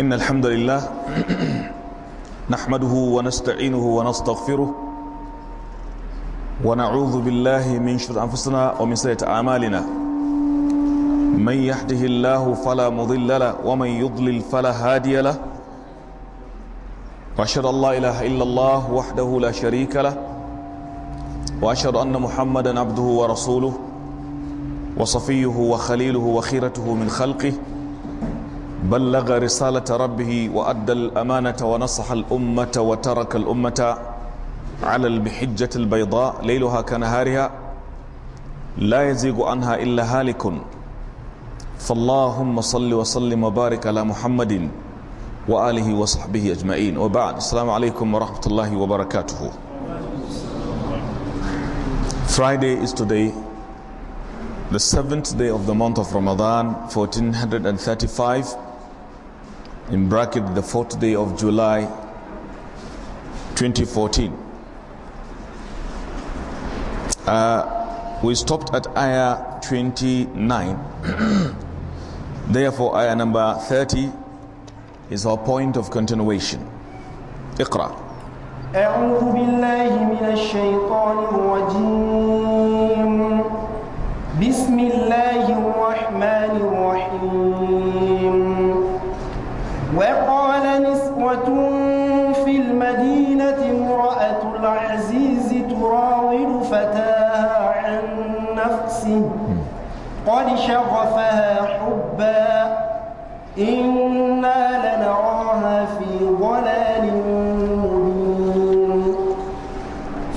إن الحمد لله نحمده ونستعينه ونستغفره ونعوذ بالله من شر أنفسنا ومن سيئة أعمالنا من يهده الله فلا مضل له ومن يضلل فلا هادي له وأشهد أن لا إله إلا الله وحده لا شريك له وأشهد أن محمدا عبده ورسوله وصفيه وخليله وخيرته من خلقه بلغ رسالة ربه وأدى الأمانة ونصح الأمة وترك الأمة على المحجة البيضاء ليلها كنهارها لا يزيغ عنها إلا هالك فاللهم صل وسلم وبارك على محمد وآله وصحبه أجمعين وبعد السلام عليكم ورحمة الله وبركاته Friday is today the seventh day of the month of Ramadan 1435 in bracket the fourth day of July 2014. Uh, we stopped at ayah 29. Therefore, ayah number 30 is our point of continuation. اقرأ. أعوذ بالله من الشيطان الرجيم. بسم الله الرحمن الرحيم. وقال نسوة في المدينة امرأة العزيز تراود فتاها عن نفسه قد شغفها حبا إنا لنراها في ضلال مبين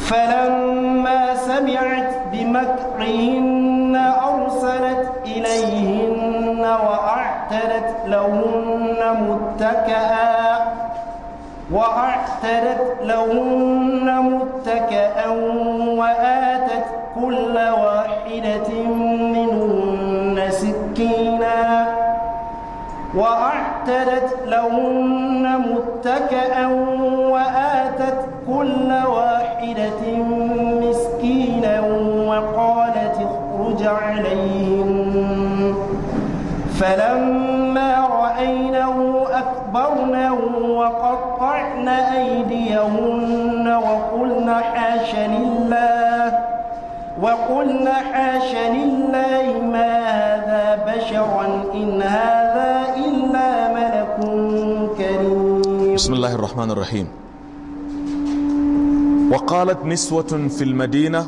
فلما سمعت بمكرهن أرسلت إليهن وأعتلت لهن متكئا وأعتدت لهن متكئا وآتت كل واحدة منهن سكينا وأعتدت لهن متكئا وآتت كل واحدة مسكينا وقالت اخرج عليهم فلما استكبرنا وقطعن أيديهن وقلن حاش لله وقلن حاش لله ما هذا بشرا إن هذا إلا ملك كريم بسم الله الرحمن الرحيم وقالت نسوة في المدينة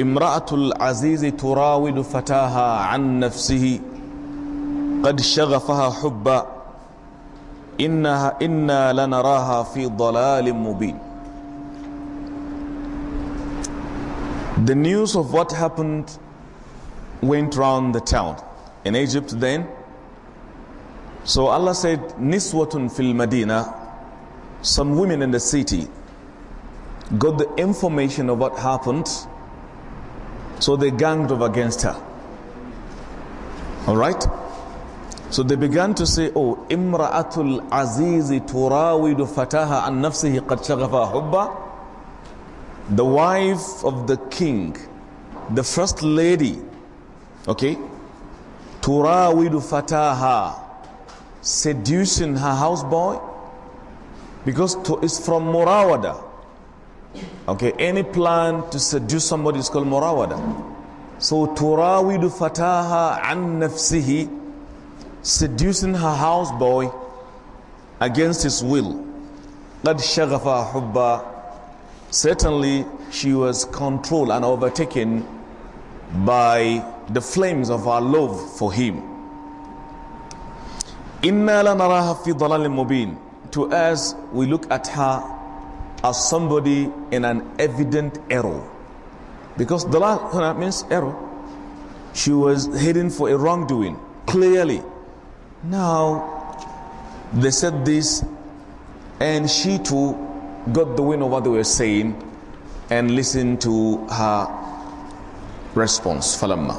امرأة العزيز تراود فتاها عن نفسه قد شغفها حبا إنها إنا لنراها في ضلال مبين The news of what happened went round the town in Egypt then. So Allah said, Niswatun fil Medina, some women in the city got the information of what happened, so they ganged up against her. All right? So they began to say, Oh, Imra'atul Azizi turawidu fataha an nafsihi qad shaghafa hubba. The wife of the king, the first lady, okay, turawidu fataha, seducing her houseboy, because to, it's from murawada. Okay, any plan to seduce somebody is called murawada. So turawidu fataha an nafsihi seducing her houseboy against his will. that شغف hubba. Certainly she was controlled and overtaken by the flames of our love for him. To us, we look at her as somebody in an evident error. Because dalal means error. She was heading for a wrongdoing, clearly. Now, they said this, and she too got the wind of what they were saying and listened to her response. Falamma.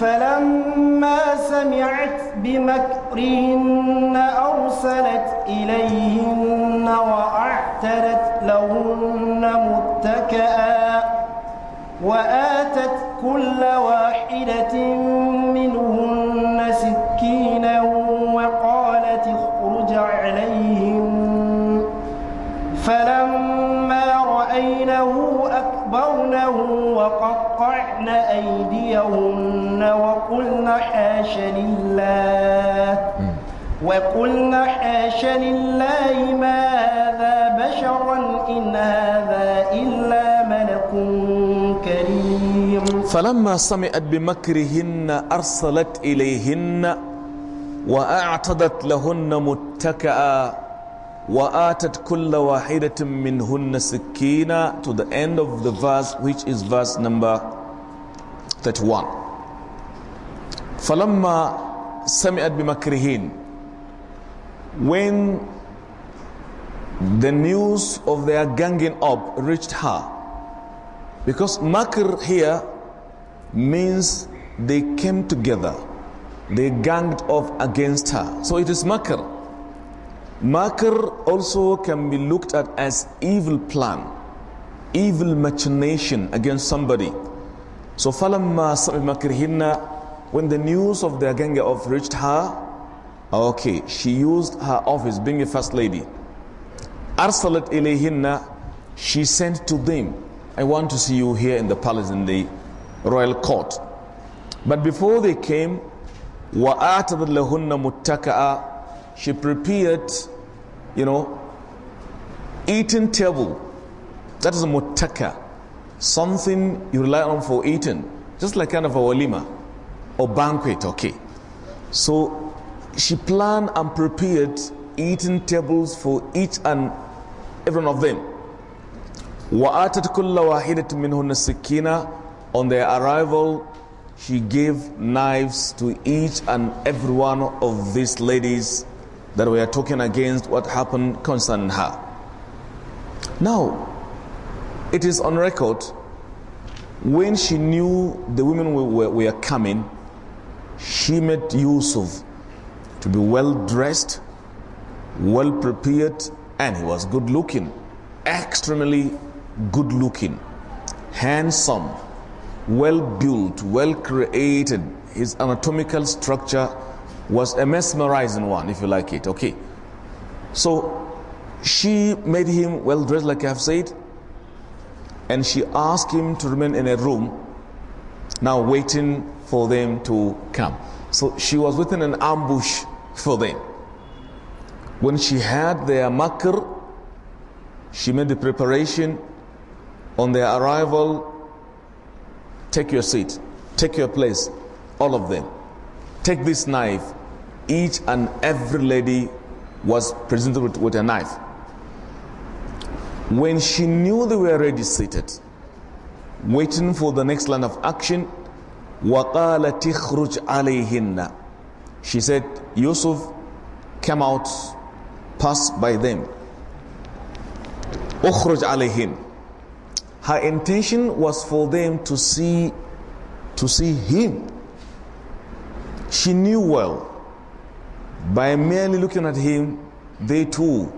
فلما سمعت بمكرهن أرسلت إليهن وأعتدت لهن مُتَكَأَّ وآتت كل واحدة منهن مسكينا وقالت اخرج عليهم فلما رأينه أكبرنه وقطعن أيديهن وقلن حاش لله وقلن حاش لله ما هذا بشرا إن هذا إلا فلما سمعت بمكرهن أرسلت إليهن وأعتدت لهن متكئا وآتت كل واحدة منهن سكينا to the end of the verse which is verse number 31 فلما سمعت بمكرهن when the news of their ganging up reached her Because makr here means they came together. They ganged off against her. So it is makr. Makr also can be looked at as evil plan, evil machination against somebody. So falamma makrihinna when the news of their gang off reached her, ah, okay, she used her office being a first lady. Arsalat ilayhinna, she sent to them I want to see you here in the palace, in the royal court. But before they came, وَآتَذَ She prepared, you know, eating table. That is a mutaka, Something you rely on for eating. Just like kind of a walima or banquet, okay. So she planned and prepared eating tables for each and every one of them. وَآتَتْ كُلَّ وَاحِدَةٍ مِّنْهُنَّ السِّكِّينَ On their arrival, she gave knives to each and every one of these ladies that were talking against what happened concerning her. Now, it is on record when she knew the women were, were coming, she made Yusuf to be well dressed, well prepared, and he was good looking, extremely good looking, handsome, well built, well created. His anatomical structure was a mesmerizing one, if you like it. Okay. So she made him well dressed, like I have said, and she asked him to remain in a room, now waiting for them to come. So she was within an ambush for them. When she had their makr, she made the preparation on their arrival, take your seat, take your place, all of them. Take this knife. Each and every lady was presented with, with a knife. When she knew they were already seated, waiting for the next line of action, She said, Yusuf, come out, pass by them. Her intention was for them to see, to see him. She knew well. By merely looking at him, they too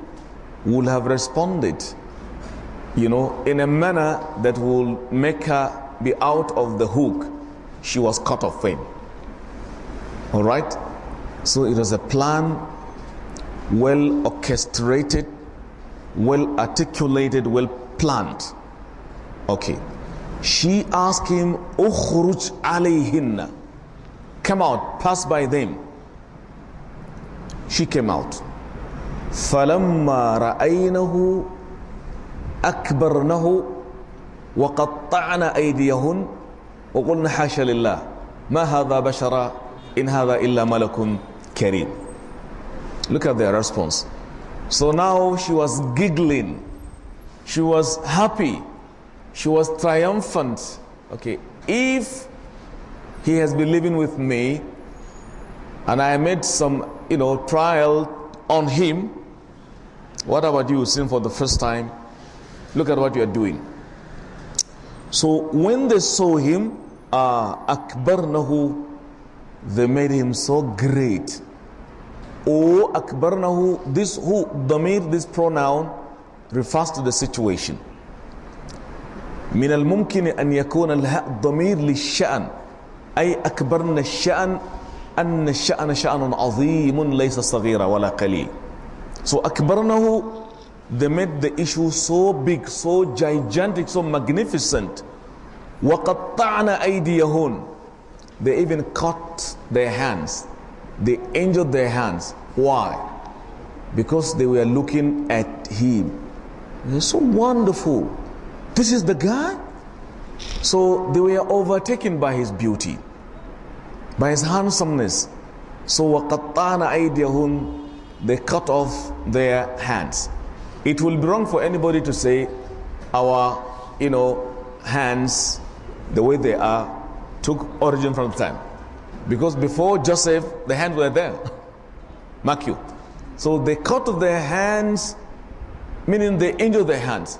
would have responded, you know, in a manner that will make her be out of the hook. She was cut off fame. All right? So it was a plan, well orchestrated, well articulated, well planned. Okay. She asked him, Ukhruj alayhinna. Come out, pass by them. She came out. فَلَمَّا رَأَيْنَهُ أَكْبَرْنَهُ وَقَطَّعْنَا أَيْدِيَهُنْ وَقُلْنَا حَاشَ لِلَّهِ مَا هَذَا بَشَرًا إِنْ هَذَا إِلَّا مَلَكٌ كَرِيمٌ Look at their response. So now she was giggling. She was happy she was triumphant. Okay, if he has been living with me and I made some, you know, trial on him, what about you, seeing for the first time? Look at what you are doing. So when they saw him, uh, Akbarnahu, they made him so great. Oh, Akbarnahu, this who, Damir, this pronoun refers to the situation. من الممكن أن يكون الهاء ضمير للشأن أي أكبرنا الشأن أن الشأن شأن عظيم ليس صغيرا ولا قليل so أكبرنه they made the issue so big so gigantic so magnificent وقطعنا أيديهن they even cut their hands they injured their hands why because they were looking at him it's so wonderful This is the guy? So they were overtaken by his beauty, by his handsomeness. So وَقَطَّعْنَا They cut off their hands. It will be wrong for anybody to say our, you know, hands, the way they are, took origin from time. Because before Joseph, the hands were there. Mark you. So they cut off their hands, meaning they injured their hands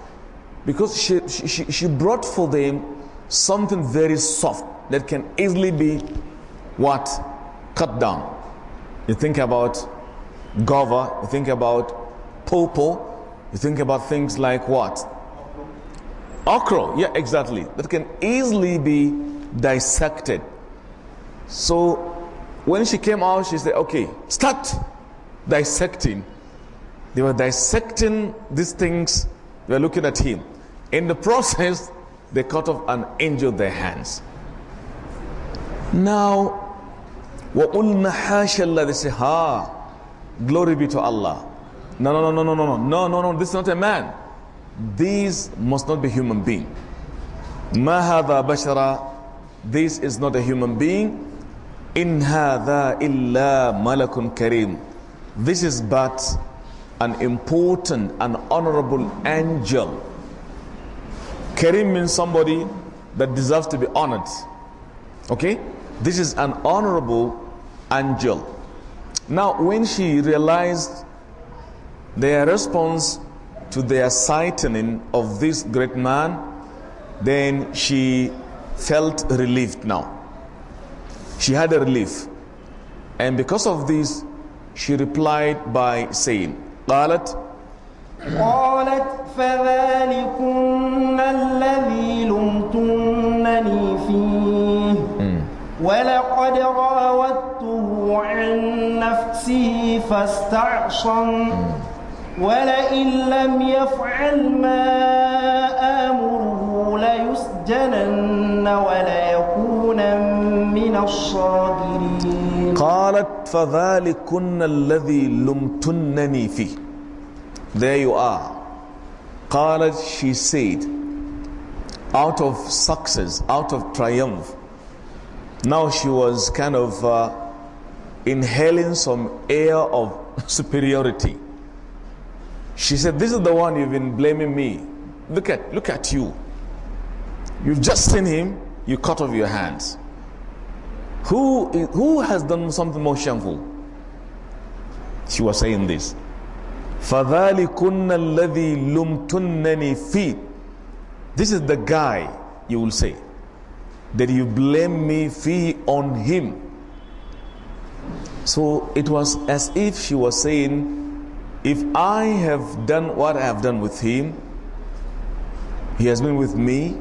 because she, she, she brought for them something very soft that can easily be what cut down you think about gova you think about popo you think about things like what okra yeah exactly that can easily be dissected so when she came out she said okay start dissecting they were dissecting these things they were looking at him in the process, they cut off and injured their hands. Now, وَقُلْنَا They say, ha, glory be to Allah. No, no, no, no, no, no, no, no, no, no, this is not a man. These must not be human being. مَا هَذَا This is not a human being. In هَذَا illa malakun kareem, This is but an important and honorable angel Kareem means somebody that deserves to be honored. Okay? This is an honorable angel. Now, when she realized their response to their sightening of this great man, then she felt relieved now. She had a relief. And because of this, she replied by saying, قالت قالت فذلكن الذي لمتنني فيه ولقد راودته عن نفسه فاستعصم ولئن لم يفعل ما آمره ليسجنن وليكونا من الصاغرين قالت فذلكن الذي لمتنني فيه There you are قالت she said out of success out of triumph now she was kind of uh, inhaling some air of superiority she said this is the one you've been blaming me look at look at you you've just seen him you cut off your hands who who has done something more shameful she was saying this فَذَلِكُنَّ الَّذِي لُمْتُنَّنِي فِي This is the guy, you will say, that you blame me fee on him. So it was as if she was saying, if I have done what I have done with him, he has been with me,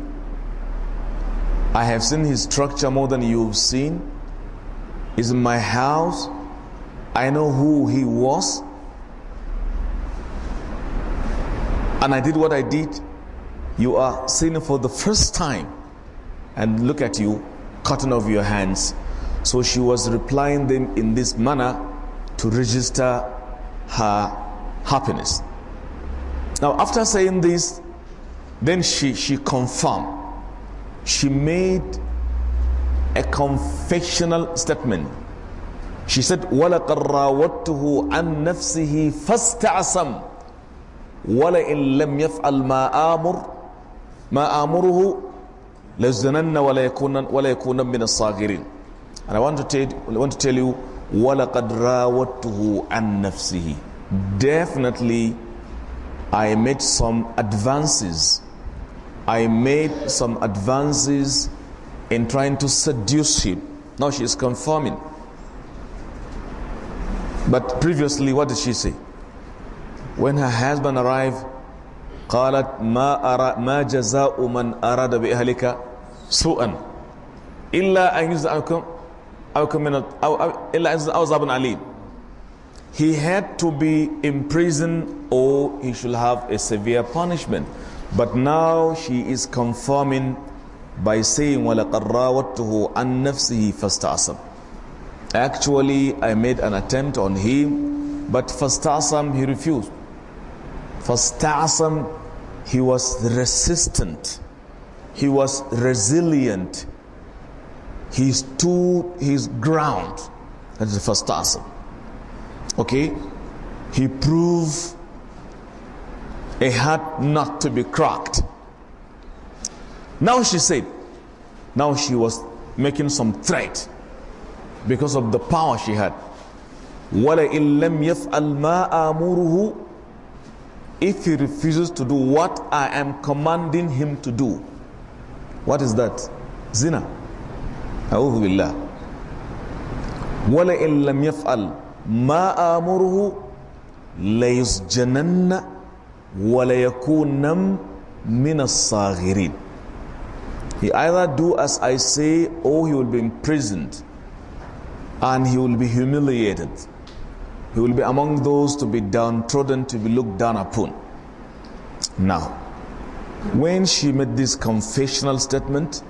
I have seen his structure more than you've seen, is in my house, I know who he was, and I did what I did, you are sinning for the first time. And look at you, cutting off your hands. So she was replying them in this manner to register her happiness. Now, after saying this, then she, she confirmed. She made a confessional statement. She said, وَلَقَدْ رَاوَدْتُهُ عَنْ نَفْسِهِ فَاسْتَعْصَمْ ولئن لم يفعل ما آمر ما آمره لزنن ولا يكون ولا يكون من الصاغرين and I want to tell I want to tell you ولقد راودته عن نفسه definitely I made some advances I made some advances in trying to seduce him now she is confirming but previously what did she say when her husband arrived, قالت ما أرى ما جزاء من أراد بأهلك سوءا إلا أن يجزأكم أو من أو إلا أن أو عذاب عليم. He had to be imprisoned or he should have a severe punishment. But now she is confirming by saying وَلَقَدْ رَاوَدْتُهُ عَنْ نَفْسِهِ فَاسْتَعْصَمْ Actually, I made an attempt on him, but فَاسْتَعْصَمْ he refused. Stasim, he was resistant he was resilient he stood his ground that's the first task okay he proved a heart not to be cracked now she said now she was making some threat because of the power she had وَلَئِن لَمْ يَفْعَلْ مَا آمُرُهُ if he refuses to do what I am commanding him to do. What is that? Zina. أعوذ بالله ولئن لم يفعل ما آمره ليسجنن وليكون من الصاغرين He either do as I say or he will be imprisoned and he will be humiliated. He will be among those to be downtrodden, to be looked down upon. Now, when she made this confessional statement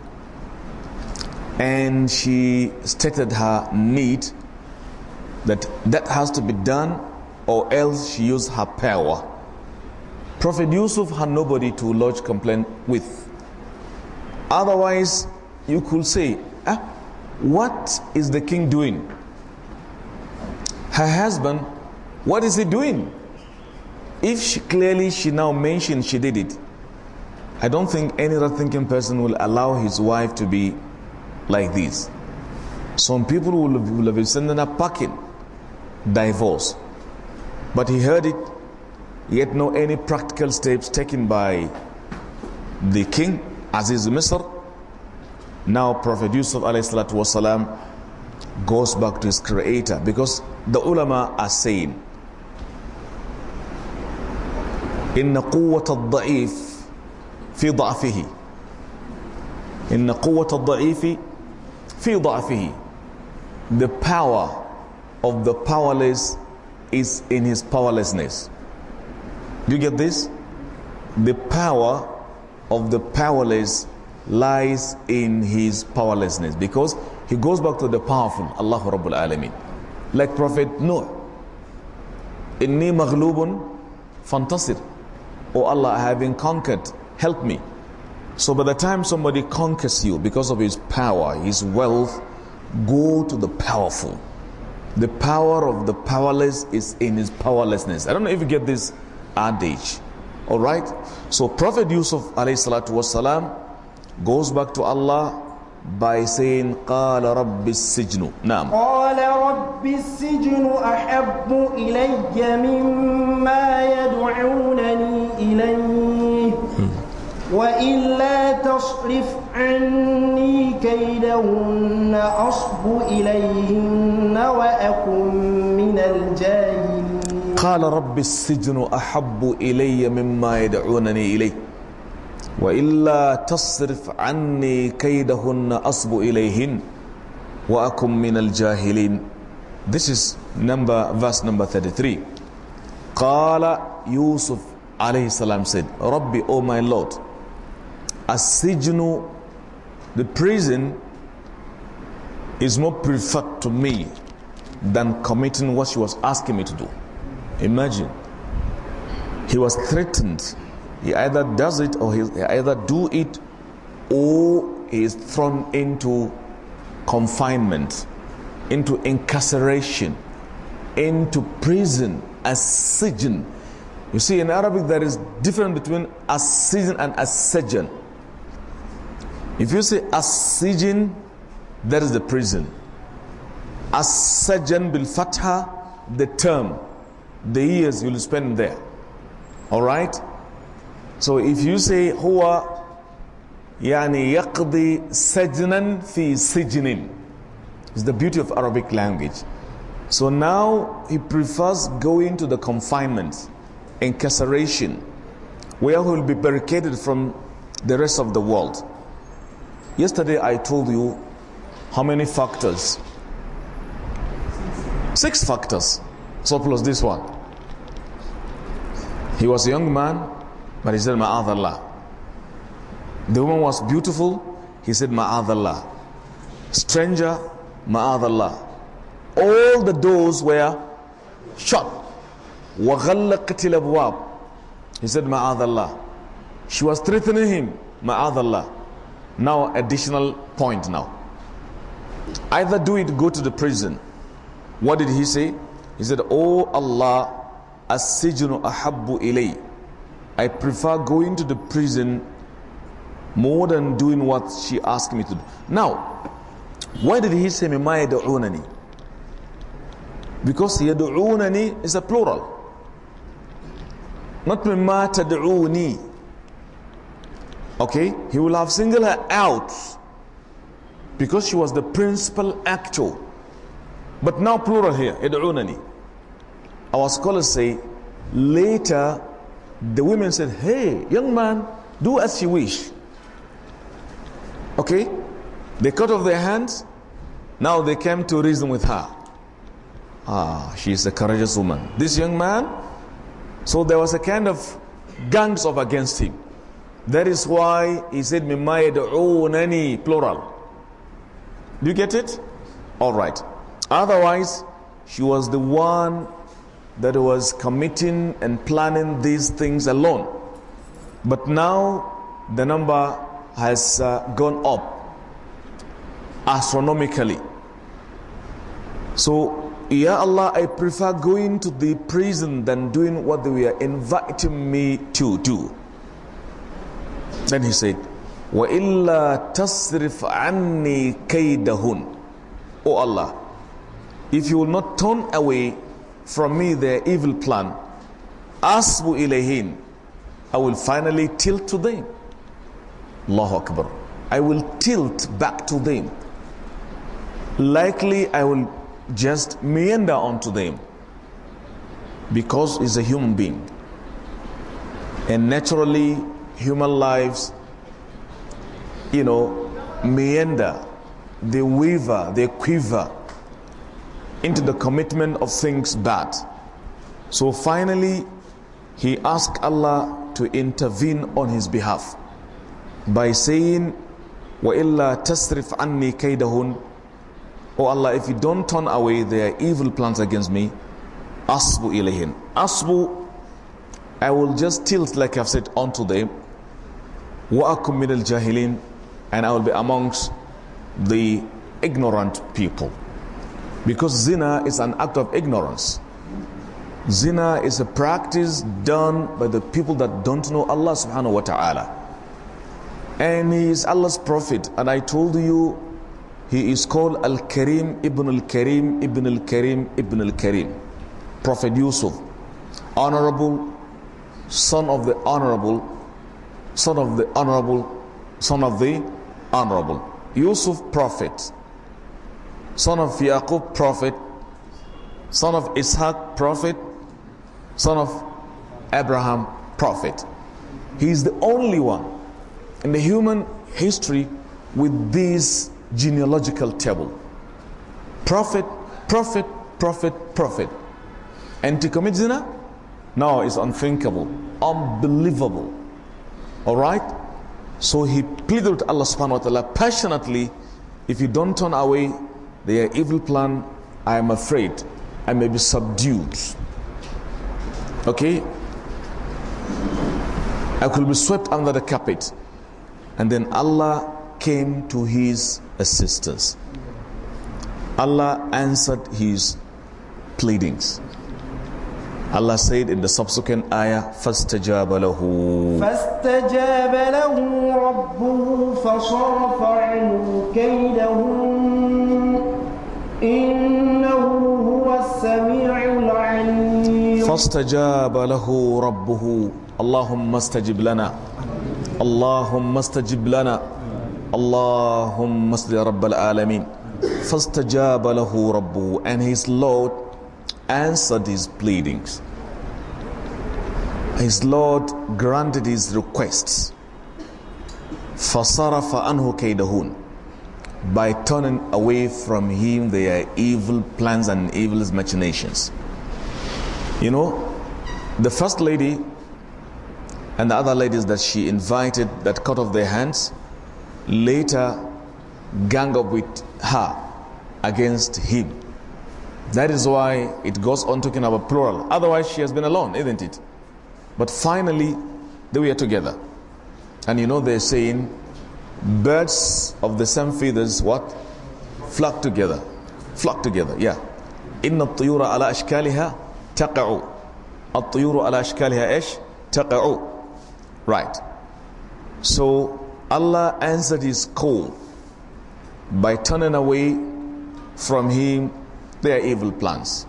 and she stated her need that that has to be done or else she used her power. Prophet Yusuf had nobody to lodge complaint with. Otherwise, you could say, ah, what is the king doing? her husband, what is he doing? If she, clearly she now mentioned she did it, I don't think any other thinking person will allow his wife to be like this. Some people will, will have been sending a packing divorce. But he heard it, yet no any practical steps taken by the king, Aziz Misr. Now Prophet Yusuf wasalam goes back to his creator because the ulama are saying إن قوة الضعيف في ضعفه إن قوة الضعيف في ضعفه the power of the powerless is in his powerlessness do you get this the power of the powerless lies in his powerlessness because he goes back to the powerful Allah Rabbul alamin like Prophet Noah. Inni maghlubun fantasir. Oh Allah, I have been conquered. Help me. So by the time somebody conquers you because of his power, his wealth, go to the powerful. The power of the powerless is in his powerlessness. I don't know if you get this adage. Alright? So Prophet Yusuf alayhi salatu wasalam goes back to Allah بايسين قال رب السجن نعم قال رب السجن أحب إلي مما يدعونني إليه وإلا تصرف عني كيدهن أصب إليهن وأكن من الجاهلين قال رب السجن أحب إلي مما يدعونني إليه وإلا تصرف عني كيدهن أصب إليهن وأكن من الجاهلين This is number verse number 33 قال يوسف عليه السلام said "Rabbi, O oh my Lord السجن the prison is more preferred to me than committing what she was asking me to do imagine he was threatened he either does it or he, either do it or he is thrown into confinement, into incarceration, into prison, as sijn. You see, in Arabic, there is difference between a sijn and a sijn. If you say a sijn, that is the prison. a sijn bil fatha, the term, the years you'll spend there. All right? So if you say هو يعني يقضي سجنا في سجن It's the beauty of Arabic language. So now he prefers going to the confinement, incarceration, where he will be barricaded from the rest of the world. Yesterday I told you how many factors? Six factors. So plus this one. He was a young man but he said, Ma'adallah. The woman was beautiful. He said, Ma'adallah. Stranger, Ma'adallah. All the doors were shut. He said, Ma'adallah. She was threatening him, Ma'adallah. Now, additional point now. Either do it, go to the prison. What did he say? He said, Oh Allah, as-sijnu ahabbu ilayh. I prefer going to the prison more than doing what she asked me to do. Now, why did he say Mimma yad'unani? Because yad'unani is a plural. Not Mimma tad'uni. Okay? He will have singled her out because she was the principal actor. But now plural here, yad'unani. Our scholars say later the women said, Hey, young man, do as you wish. Okay? They cut off their hands. Now they came to reason with her. Ah, she is a courageous woman. This young man, so there was a kind of gangs of against him. That is why he said, Mimma yad'unani, plural. Do you get it? All right. Otherwise, she was the one that was committing and planning these things alone. But now the number has uh, gone up astronomically. So, Ya Allah, I prefer going to the prison than doing what they were inviting me to do. Then he said, وَإِلَّا تَصْرِفْ عَنِّي كَيْدَهُنْ O Allah, if you will not turn away from me their evil plan. Asbu ilayhin. I will finally tilt to them. Allahu Akbar. I will tilt back to them. Likely I will just meander onto them because he's a human being. And naturally, human lives, you know, meander, they waver, they quiver into the commitment of things bad. So finally, he asked Allah to intervene on his behalf by saying, وَإِلَّا تَسْرِفْ عَنِّي كَيْدَهُنْ Oh Allah, if you don't turn away their evil plans against me, asbu إلَيْهِنَّ. Asbu, I will just tilt like I've said unto them. وَأَكُمْ مِنَ الْجَاهِلِينَ And I will be amongst the ignorant people. Because zina is an act of ignorance. Zina is a practice done by the people that don't know Allah subhanahu wa ta'ala. And he is Allah's prophet. And I told you, he is called Al Karim ibn al Karim ibn al Karim ibn al Karim. Prophet Yusuf, honorable, son of the honorable, son of the honorable, son of the honorable. Yusuf, prophet son of Yaqub prophet, son of Ishaq prophet, son of Abraham prophet. He is the only one in the human history with this genealogical table. Prophet, prophet, prophet, prophet. And to No, it's unthinkable, unbelievable. All right? So he pleaded with Allah subhanahu wa ta'ala passionately, if you don't turn away their evil plan, I am afraid I may be subdued. Okay? I could be swept under the carpet. And then Allah came to his assistance. Allah answered his pleadings. Allah said in the subsequent ayah, فَاسْتَجَابَ لَهُ فَاسْتَجَابَ لَهُ رَبُّهُ فَصَرَفَ عَنْهُ كَيْدَهُ إنه هو السميع العليم فاستجاب له ربه اللهم استجب لنا اللهم استجب لنا اللهم استجب رب العالمين فاستجاب له ربه and his Lord answered his pleadings his Lord granted his requests فصرف عنه كيدهون by turning away from him their evil plans and evil machinations. You know, the first lady and the other ladies that she invited that cut off their hands later gang up with her against him. That is why it goes on talking about plural. Otherwise, she has been alone, isn't it? But finally, they were together. And you know, they're saying, birds of the same feathers what flock together flock together yeah إن ala ashkaliha أشكالها تقع الطيور ala ashkaliha? Ish تقع right so Allah answered his call by turning away from him their evil plans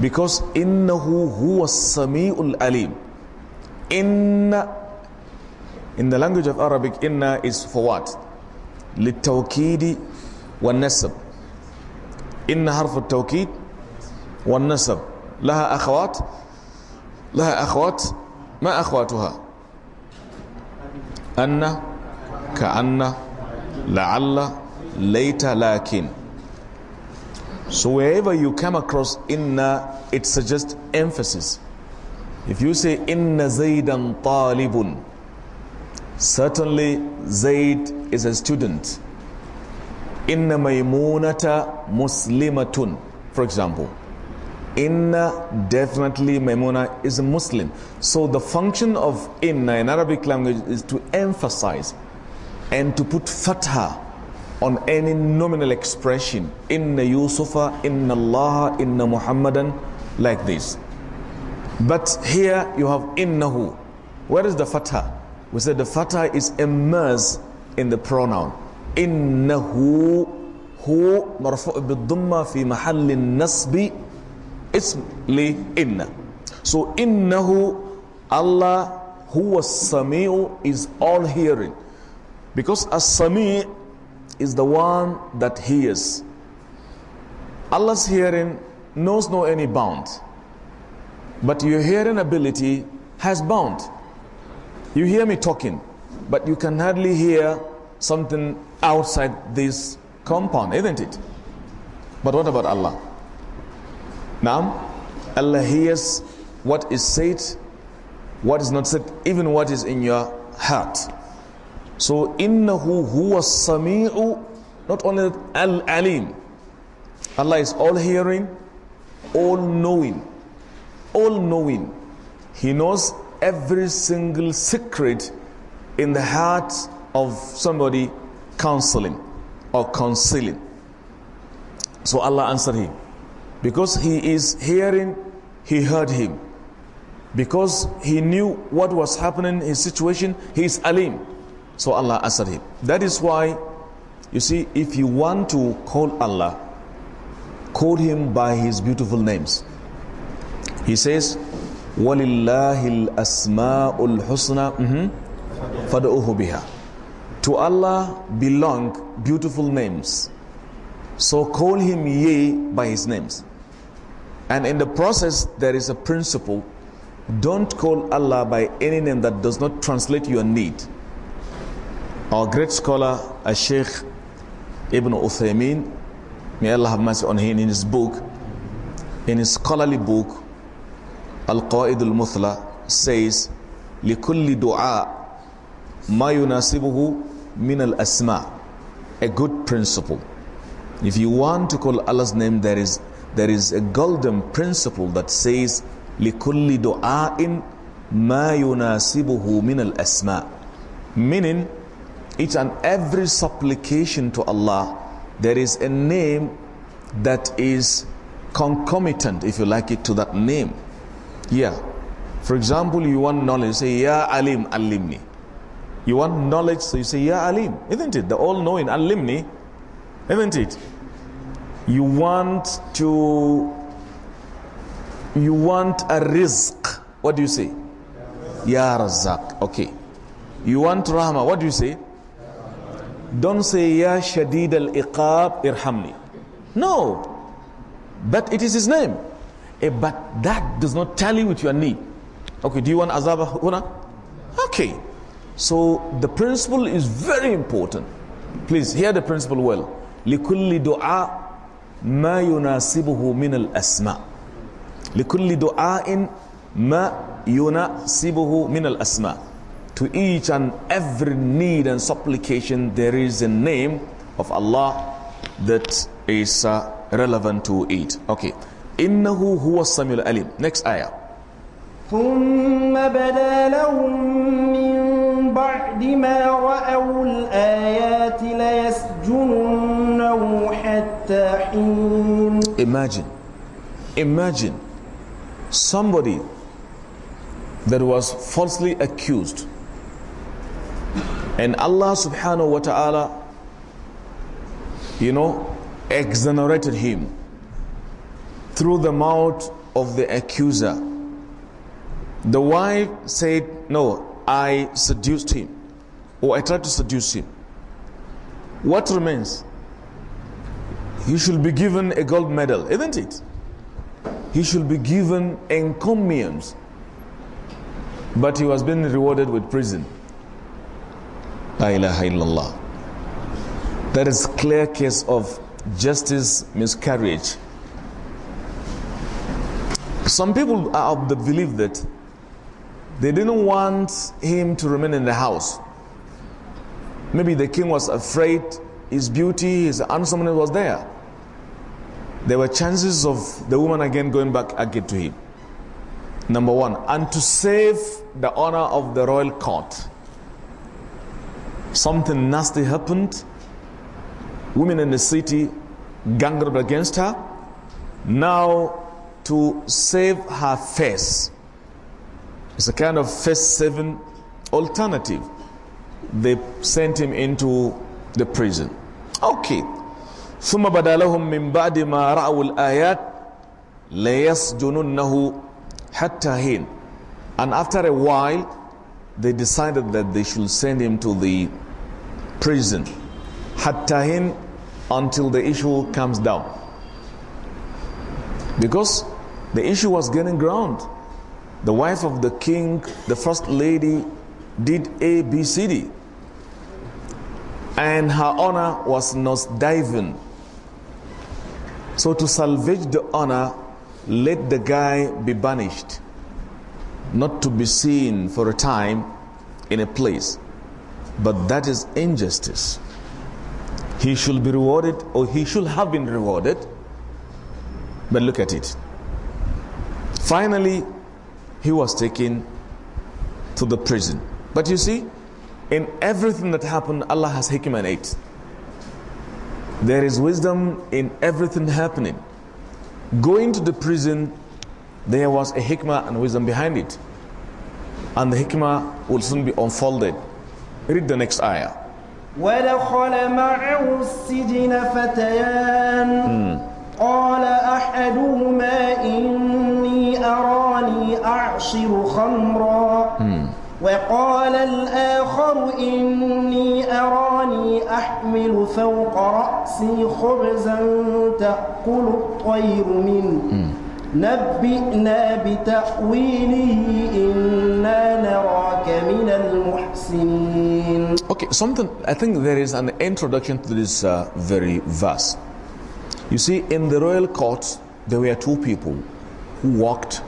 because إنه sami السميع العليم Inna. In the language of Arabic, inna is for what? Littawkidi wa nasab. Inna harfu tawkid wa nasab. Laha akhwat? Laha akhwat? Ma akhwatuha? Anna, ka'anna, la'alla, later, lakin. So wherever you come across inna, it suggests emphasis. If you say inna zaydan talibun, Certainly, Zaid is a student. Inna Maimunata Muslimatun, for example. Inna definitely Maimuna is a Muslim. So the function of inna in Arabic language is to emphasize and to put fatha on any nominal expression. Inna Yusufa, Inna Allah, Inna Muhammadan, like this. But here you have innahu. Where is the fatha? We said the fatha is immersed in the pronoun. إنه هو مرفوع بالضمة في محل النصب li inna. So innahu Allah huwa Sami'u is all hearing. Because As-Sami' is the one that hears. Allah's hearing knows no any bound. But your hearing ability has bound. You hear me talking, but you can hardly hear something outside this compound, isn't it? But what about Allah? Now, Allah hears what is said, what is not said, even what is in your heart. So, innahu huwa sami'u, not only al-alim. Allah is all hearing, all knowing, all knowing. He knows every single secret in the heart of somebody counseling or concealing. So Allah answered him. Because he is hearing, he heard him. Because he knew what was happening, in his situation, he is alim. So Allah answered him. That is why, you see, if you want to call Allah, call him by his beautiful names. He says, وَلِلَّهِ الْأَسْمَاءُ الْحُسْنَى فَدْعُوهُ بِهَا To Allah belong beautiful names. So call him ye by his names. And in the process, there is a principle. Don't call Allah by any name that does not translate your need. Our great scholar, a Sheikh Ibn Uthaymeen, may Allah have mercy on him, in his book, in his scholarly book, al المثلى muthla says, لِكُلِّ دُعَاء مَا يُنَاسِبُهُ مِنَ الْأَسْمَاءِ A good principle. If you want to call Allah's name, there is, there is a golden principle that says, لِكُلِّ دُعَاءٍ مَا يُنَاسِبُهُ مِنَ الْأَسْمَاءِ Meaning, each and every supplication to Allah, there is a name that is concomitant, if you like it, to that name. Yeah. For example, you want knowledge, say, Ya Alim, Alimni. You want knowledge, so you say, Ya Alim. Isn't it? The all knowing, Alimni. Isn't it? You want to, you want a rizq. What do you say? Ya Razak. Okay. You want Rahma. What do you say? Don't say Ya Shadid al Iqab Irhamni. No. But it is his name. Eh, but that does not tally with your need. Okay, do you want azab huna? Okay. So the principle is very important. Please hear the principle well. لِكُلِّ دُعَاء ما يناسبه من الأسماء لكل دعاء ما يناسبه من الأسماء To each and every need and supplication there is a name of Allah that is uh, relevant to it. Okay. إنه هو السميع العليم next ayah ثم بدا لهم من بعد ما رأوا الآيات ليسجننه حتى حين imagine imagine somebody that was falsely accused and Allah subhanahu wa ta'ala you know exonerated him through the mouth of the accuser. The wife said, No, I seduced him, or I tried to seduce him. What remains? He should be given a gold medal, isn't it? He should be given encomiums. But he was being rewarded with prison. La ilaha illallah. That is clear case of justice miscarriage. Some people are of the belief that they didn't want him to remain in the house. Maybe the king was afraid his beauty, his handsomeness was there. There were chances of the woman again going back again to him. Number one, and to save the honor of the royal court. Something nasty happened. Women in the city ganged up against her. Now to save her face. It's a kind of face saving alternative. They sent him into the prison. Okay. ثم بدا لهم من بعد ما رأوا الآيات ليسجننه حتى حين and after a while they decided that they should send him to the prison حتى حين until the issue comes down because the issue was getting ground. The wife of the king, the first lady, did A, B, C, D. And her honor was nosediving. So to salvage the honor, let the guy be banished, not to be seen for a time in a place. But that is injustice. He should be rewarded or he should have been rewarded. But look at it. Finally, he was taken to the prison. But you see, in everything that happened, Allah has hikmah in it. There is wisdom in everything happening. Going to the prison, there was a hikmah and wisdom behind it. And the hikmah will soon be unfolded. Read the next ayah. ودخل معه السجن فتيان hmm. قال أحدهما أراني أعصر خمرا وقال الآخر إني أراني أحمل فوق رأسي خبزا تأكل الطير منه نبئنا بتأويله إنا نراك من المحسنين Okay, something, I think there is an introduction to this uh, very verse. You see, in the royal court, there were two people who worked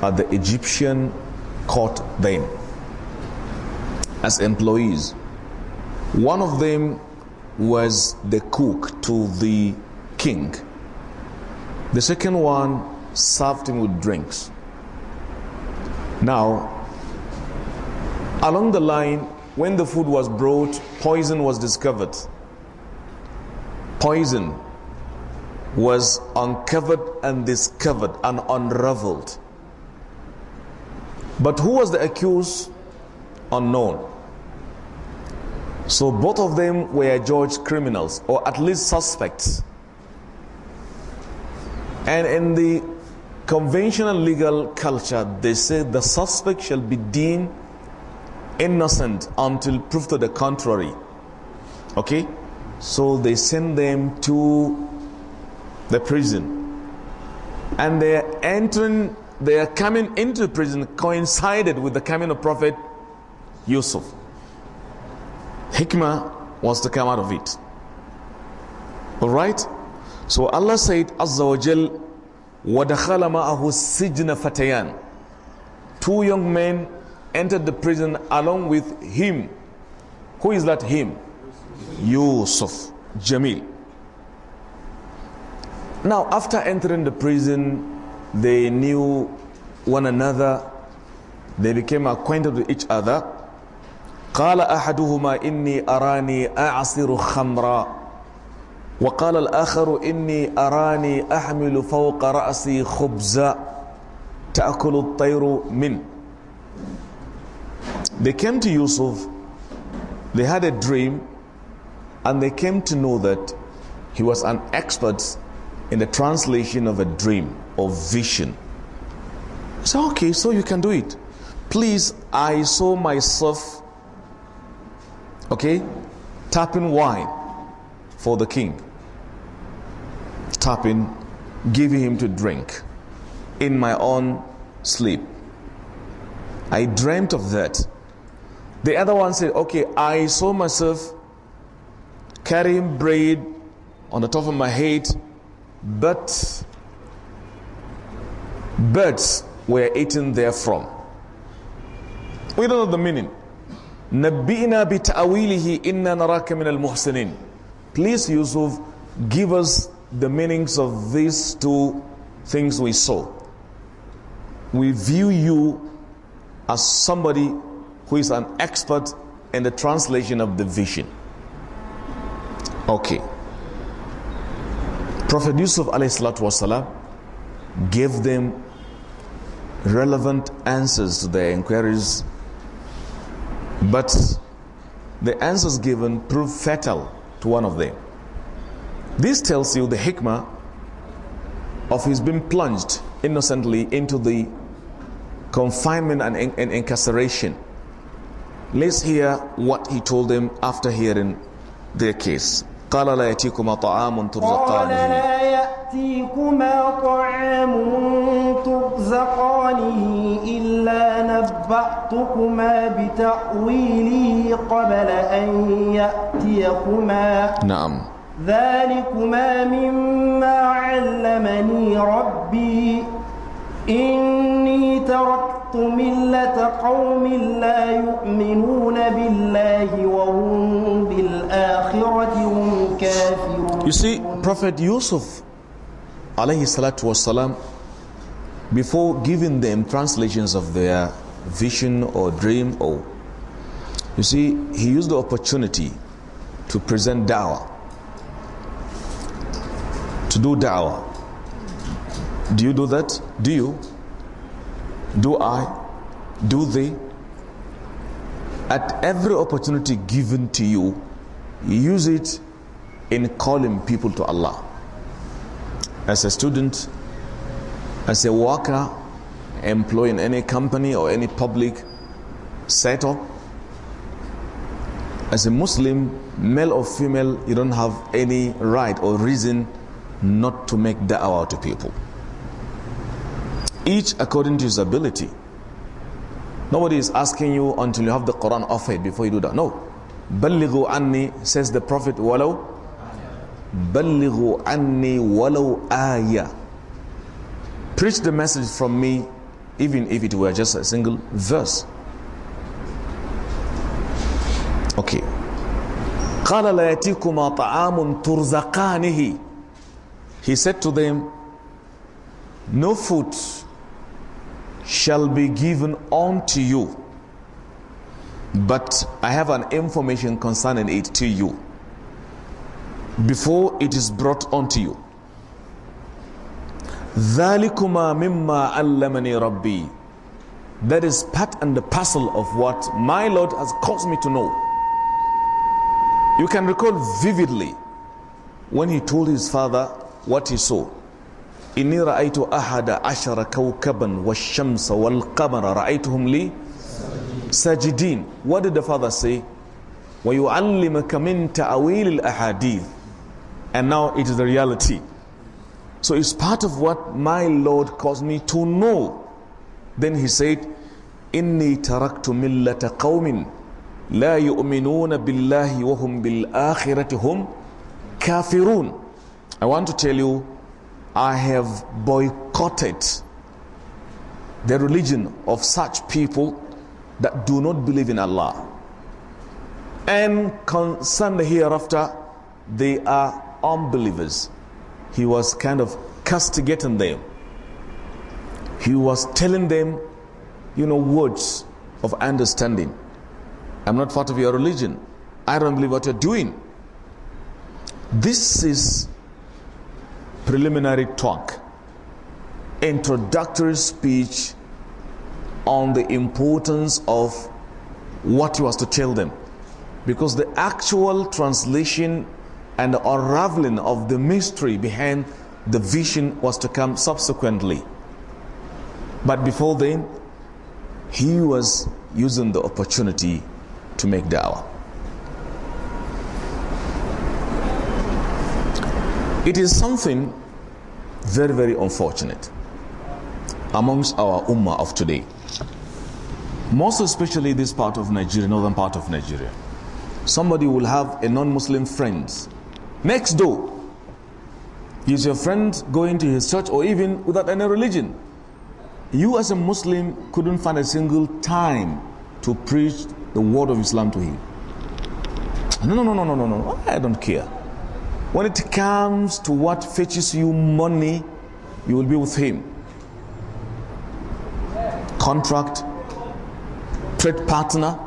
at the Egyptian court then as employees. One of them was the cook to the king. The second one served him with drinks. Now, along the line, when the food was brought, poison was discovered. Poison was uncovered and discovered and unraveled. But who was the accused? Unknown. So both of them were judged criminals or at least suspects. And in the conventional legal culture, they say the suspect shall be deemed innocent until proof to the contrary. Okay? So they send them to the prison. And they are entering, they are coming into prison coincided with the coming of Prophet Yusuf. Hikmah was to come out of it. Alright? So Allah said, Azza wa Jal, وَدَخَلَ مَعَهُ السِّجْنَ فَتَيَانِ Two young men entered the prison along with him. Who is that him? Yusuf. Jamil. Now, after entering the prison, they knew one another. They became acquainted with each other. قال أحدهما إني أراني أعصر خمرا وقال الآخر إني أراني أحمل فوق رأسي خبزا تأكل الطير من They came to Yusuf, they had a dream, and they came to know that he was an expert in the translation of a dream or vision. So, okay, so you can do it. Please, I saw myself, okay, tapping wine for the king. Tapping, giving him to drink in my own sleep. I dreamt of that. The other one said, Okay, I saw myself carrying bread on the top of my head but birds were eaten therefrom. We don't know the meaning. نبئنا بتأويله إنا نراك من المحسنين. Please, Yusuf, give us the meanings of these two things we saw. We view you as somebody who is an expert in the translation of the vision. Okay. Prophet Yusuf والسلام, gave them relevant answers to their inquiries, but the answers given proved fatal to one of them. This tells you the hikmah of his being plunged innocently into the confinement and, and incarceration. Let's hear what he told them after hearing their case. قال لا يأتيكما طعام ترزقانه قال لا يأتيكما طعام ترزقانه إلا نبأتكما بتأويله قبل أن يأتيكما نعم ذلكما مما علمني ربي إني تركت ملة قوم لا يؤمنون بالله وهم You see, Prophet Yusuf, alayhi salatu wasalam, before giving them translations of their vision or dream or you see he used the opportunity to present dawah to do dawah do you do that do you do i do they at every opportunity given to you use it in calling people to Allah. As a student, as a worker, employing in any company or any public setup, as a Muslim, male or female, you don't have any right or reason not to make da'wah to people. Each according to his ability. Nobody is asking you until you have the Quran offered before you do that. No. بلغوا ani says the prophet walau. بلغوا ani walau aya. preach the message from me even if it were just a single verse okay قال لا يأتيكما طعام ترزقانه he said to them no food shall be given unto you but I have an information concerning it to you before it is brought unto you. ذَلِكُمَا مِمَّا أَلَّمَنِي رَبِّي That is part and the parcel of what my Lord has caused me to know. You can recall vividly when he told his father what he saw. إِنِّي رَأَيْتُ أَحَدَ عَشَرَ كَوْكَبًا وَالشَّمْسَ وَالْقَمَرَ رَأَيْتُهُمْ لِي sajidin. What did the father say? وَيُعَلِّمَكَ مِن تَأْوِيلِ الْأَحَادِيثِ And now it is the reality. So it's part of what my Lord caused me to know. Then he said, إِنِّي تَرَكْتُ مِلَّةَ قَوْمٍ لَا يُؤْمِنُونَ بِاللَّهِ وَهُمْ بِالْآخِرَةِ هُمْ كَافِرُونَ I want to tell you, I have boycotted the religion of such people that do not believe in Allah and concerned hereafter they are unbelievers he was kind of castigating them he was telling them you know words of understanding i'm not part of your religion i don't believe what you're doing this is preliminary talk introductory speech on the importance of what he was to tell them. Because the actual translation and unraveling of the mystery behind the vision was to come subsequently. But before then, he was using the opportunity to make da'wah. It is something very, very unfortunate amongst our ummah of today. Most especially this part of Nigeria, northern part of Nigeria. Somebody will have a non-Muslim friend next door. Is your friend going to his church or even without any religion? You as a Muslim couldn't find a single time to preach the word of Islam to him. No, no, no, no, no, no, no. I don't care. When it comes to what fetches you money, you will be with him. Contract, trade partner,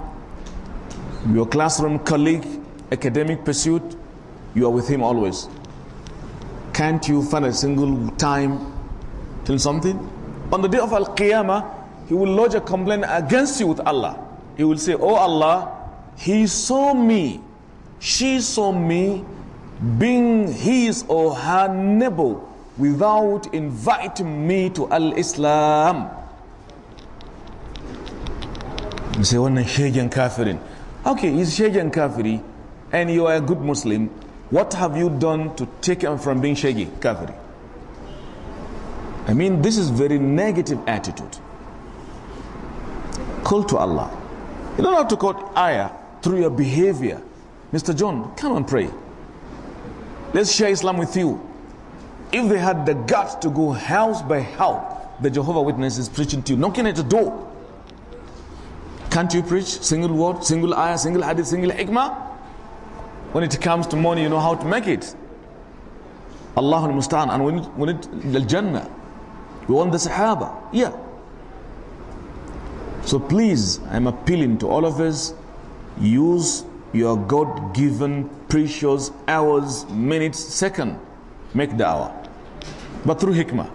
your classroom colleague, academic pursuit, you are with him always. Can't you find a single time till something? On the day of Al Qiyamah, he will lodge a complaint against you with Allah. He will say, Oh Allah, he saw me, she saw me being his or her neighbor without inviting me to Al Islam. You say, wannan oh, shegen kafirin. Okay, he's shegen kafiri and you are a good Muslim. What have you done to take him from being shegi kafiri? I mean, this is very negative attitude. Call to Allah. You don't have to quote ayah through your behavior. Mr. John, come and pray. Let's share Islam with you. If they had the guts to go house by house, the Jehovah Witness is preaching to you, knocking at the door. Can't you preach single word, single ayah, single hadith, single hikmah? When it comes to money, you know how to make it. Allahumma Musta'an. And we need, the Jannah. We want the Sahaba. Yeah. So please, I'm appealing to all of us use your God given precious hours, minutes, second. Make da'wah. But through hikmah.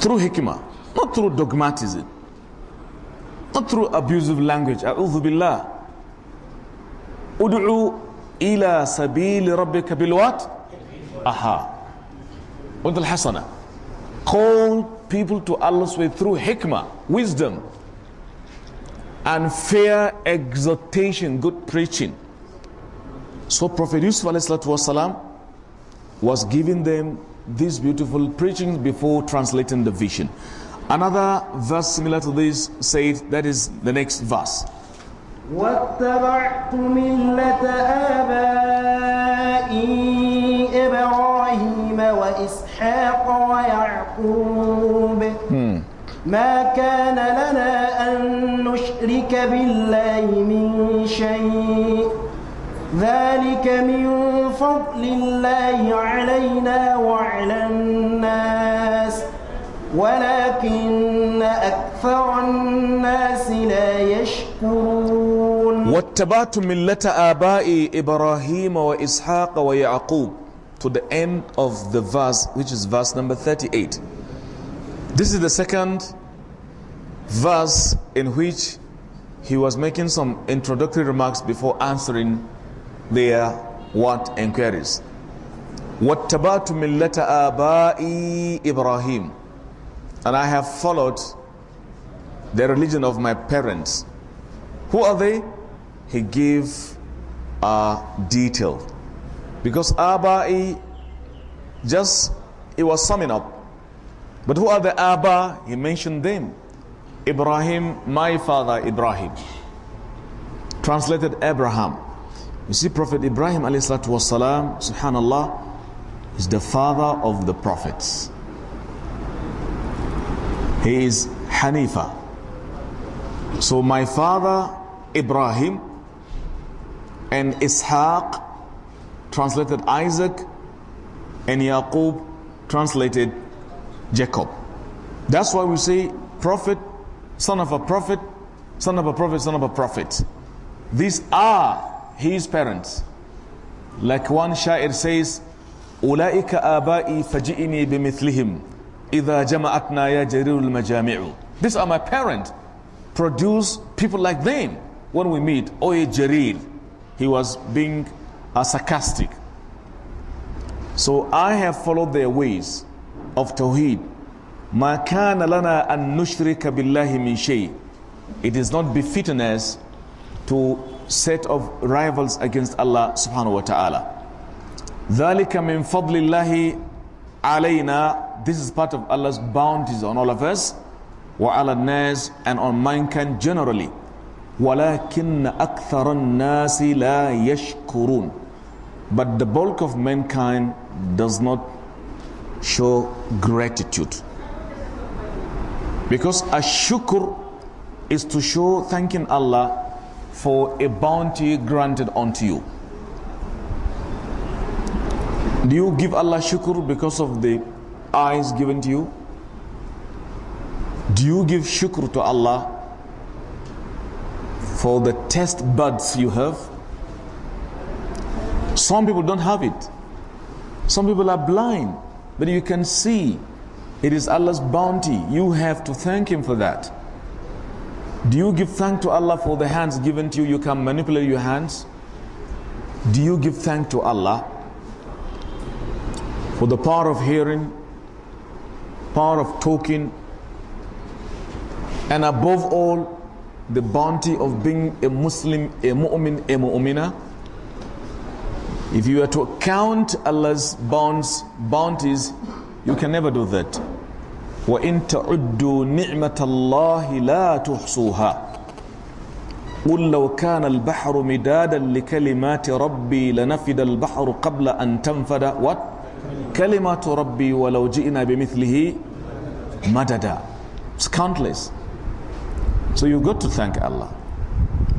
Through hikmah. Not through dogmatism. Not through abusive language. A'udhu billah. Ud'u ila sabili rabbika bil what? Aha. With hasana. Call people to Allah's way through hikmah, wisdom, and fair exhortation, good preaching. So Prophet Yusuf والسلام, was giving them these beautiful preachings before translating the vision. Another verse similar to this said, that is the next verse. واتبعت ملة آبائي إبراهيم وإسحاق ويعقوب hmm. ما كان لنا أن نشرك بالله من شيء ذلك من فضل الله علينا وعلى الناس ولكن أكثر الناس لا يشكرون واتبعت ملة آبائي إبراهيم وإسحاق ويعقوب to the end of the verse which is verse number 38 this is the second verse in which he was making some introductory remarks before answering their what inquiries واتبعت ملة آبائي إبراهيم and I have followed the religion of my parents. Who are they? He gave a detail. Because Aba'i just, it was summing up. But who are the Abba? He mentioned them. Ibrahim, my father Ibrahim. Translated Abraham. You see, Prophet Ibrahim, alayhi salatu wasalam, subhanallah, is the father of the prophets. He is Hanifa. So my father Ibrahim and Ishaq translated Isaac and Yaqub translated Jacob. That's why we say prophet, son of a prophet, son of a prophet, son of a prophet. These are his parents. Like one shair says, أولئك abai فجئني bimithlihim." إِذَا جَمَعَتْنَا يَجَرِرُ الْمَجَامِعُ These are my parents. Produce people like them when we meet. Oye Jarir. He was being a uh, sarcastic. So I have followed their ways of Tawheed. مَا كَانَ لَنَا أَن نُشْرِكَ بِاللَّهِ مِنْ شَيْءٍ It is not befitting us to set of rivals against Allah subhanahu wa ta'ala. ذَلِكَ مِنْ فَضْلِ اللَّهِ عَلَيْنَا this is part of Allah's bounties on all of us, wa وعلى nas and on mankind generally. ولكن أكثر nasil لا But the bulk of mankind does not show gratitude. Because a shukr is to show thanking Allah for a bounty granted unto you. Do you give Allah shukr because of the eyes given to you? Do you give shukr to Allah for the test buds you have? Some people don't have it. Some people are blind, but you can see it is Allah's bounty. You have to thank Him for that. Do you give thanks to Allah for the hands given to you? You can manipulate your hands. Do you give thanks to Allah for the power of hearing, power of talking, and above all, the bounty of being a Muslim, a mu'min, a mu'mina. If you were to count Allah's bounts, bounties, you can never do that. وَإِن تَعُدُّوا نِعْمَةَ اللَّهِ لَا تُحْصُوهَا قل لو كان البحر مدادا لكلمات ربي لنفد البحر قبل أن تنفد what kalimatu rabbi walau ji'na bimithlihi madada it's countless so you got to thank allah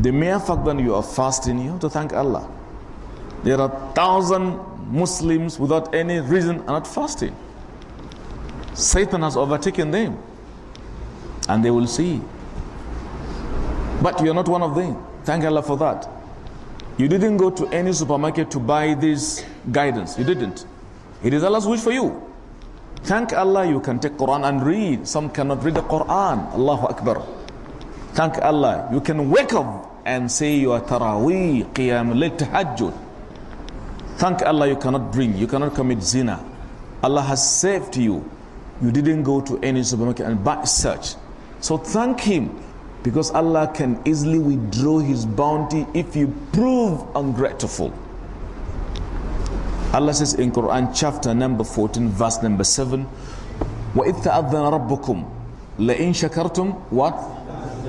the mere fact that you are fasting you have to thank allah there are thousand muslims without any reason are not fasting satan has overtaken them and they will see but you're not one of them thank allah for that you didn't go to any supermarket to buy this guidance you didn't it is Allah's wish for you. Thank Allah you can take Quran and read. Some cannot read the Quran. Allahu Akbar. Thank Allah you can wake up and say you are Taraweeh, Qiyam, late Tahajjud. Thank Allah you cannot drink, you cannot commit zina. Allah has saved you. You didn't go to any supermarket and buy such. So thank Him because Allah can easily withdraw His bounty if you prove ungrateful. Allah says in Quran chapter number 14 verse number 7 وَإِذْ تَأَذَّنَ رَبُّكُمْ لَإِن شَكَرْتُمْ what?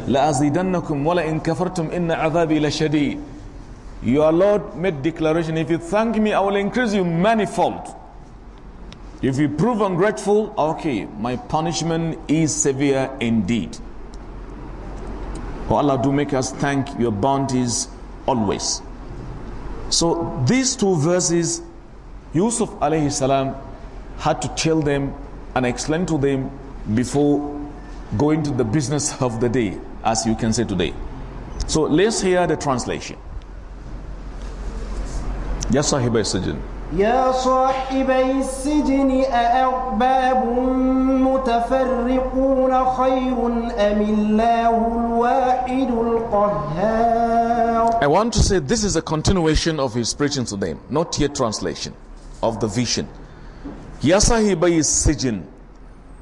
لَأَزِيدَنَّكُمْ وَلَإِن كَفَرْتُمْ إِنَّ عَذَابِي لَشَدِيدٌ Your Lord made declaration, if you thank me, I will increase you manifold. If you prove ungrateful, okay, my punishment is severe indeed. Oh Allah, do make us thank your bounties always. So these two verses Yusuf alayhi salam had to tell them and explain to them before going to the business of the day, as you can say today. So let's hear the translation. Ya صاحب السجن Ya صاحبي السجن أأرباب متفرقون خير أم الله الواحد I want to say this is a continuation of his preaching to them, not yet translation of the vision. Ya sahibai sijin,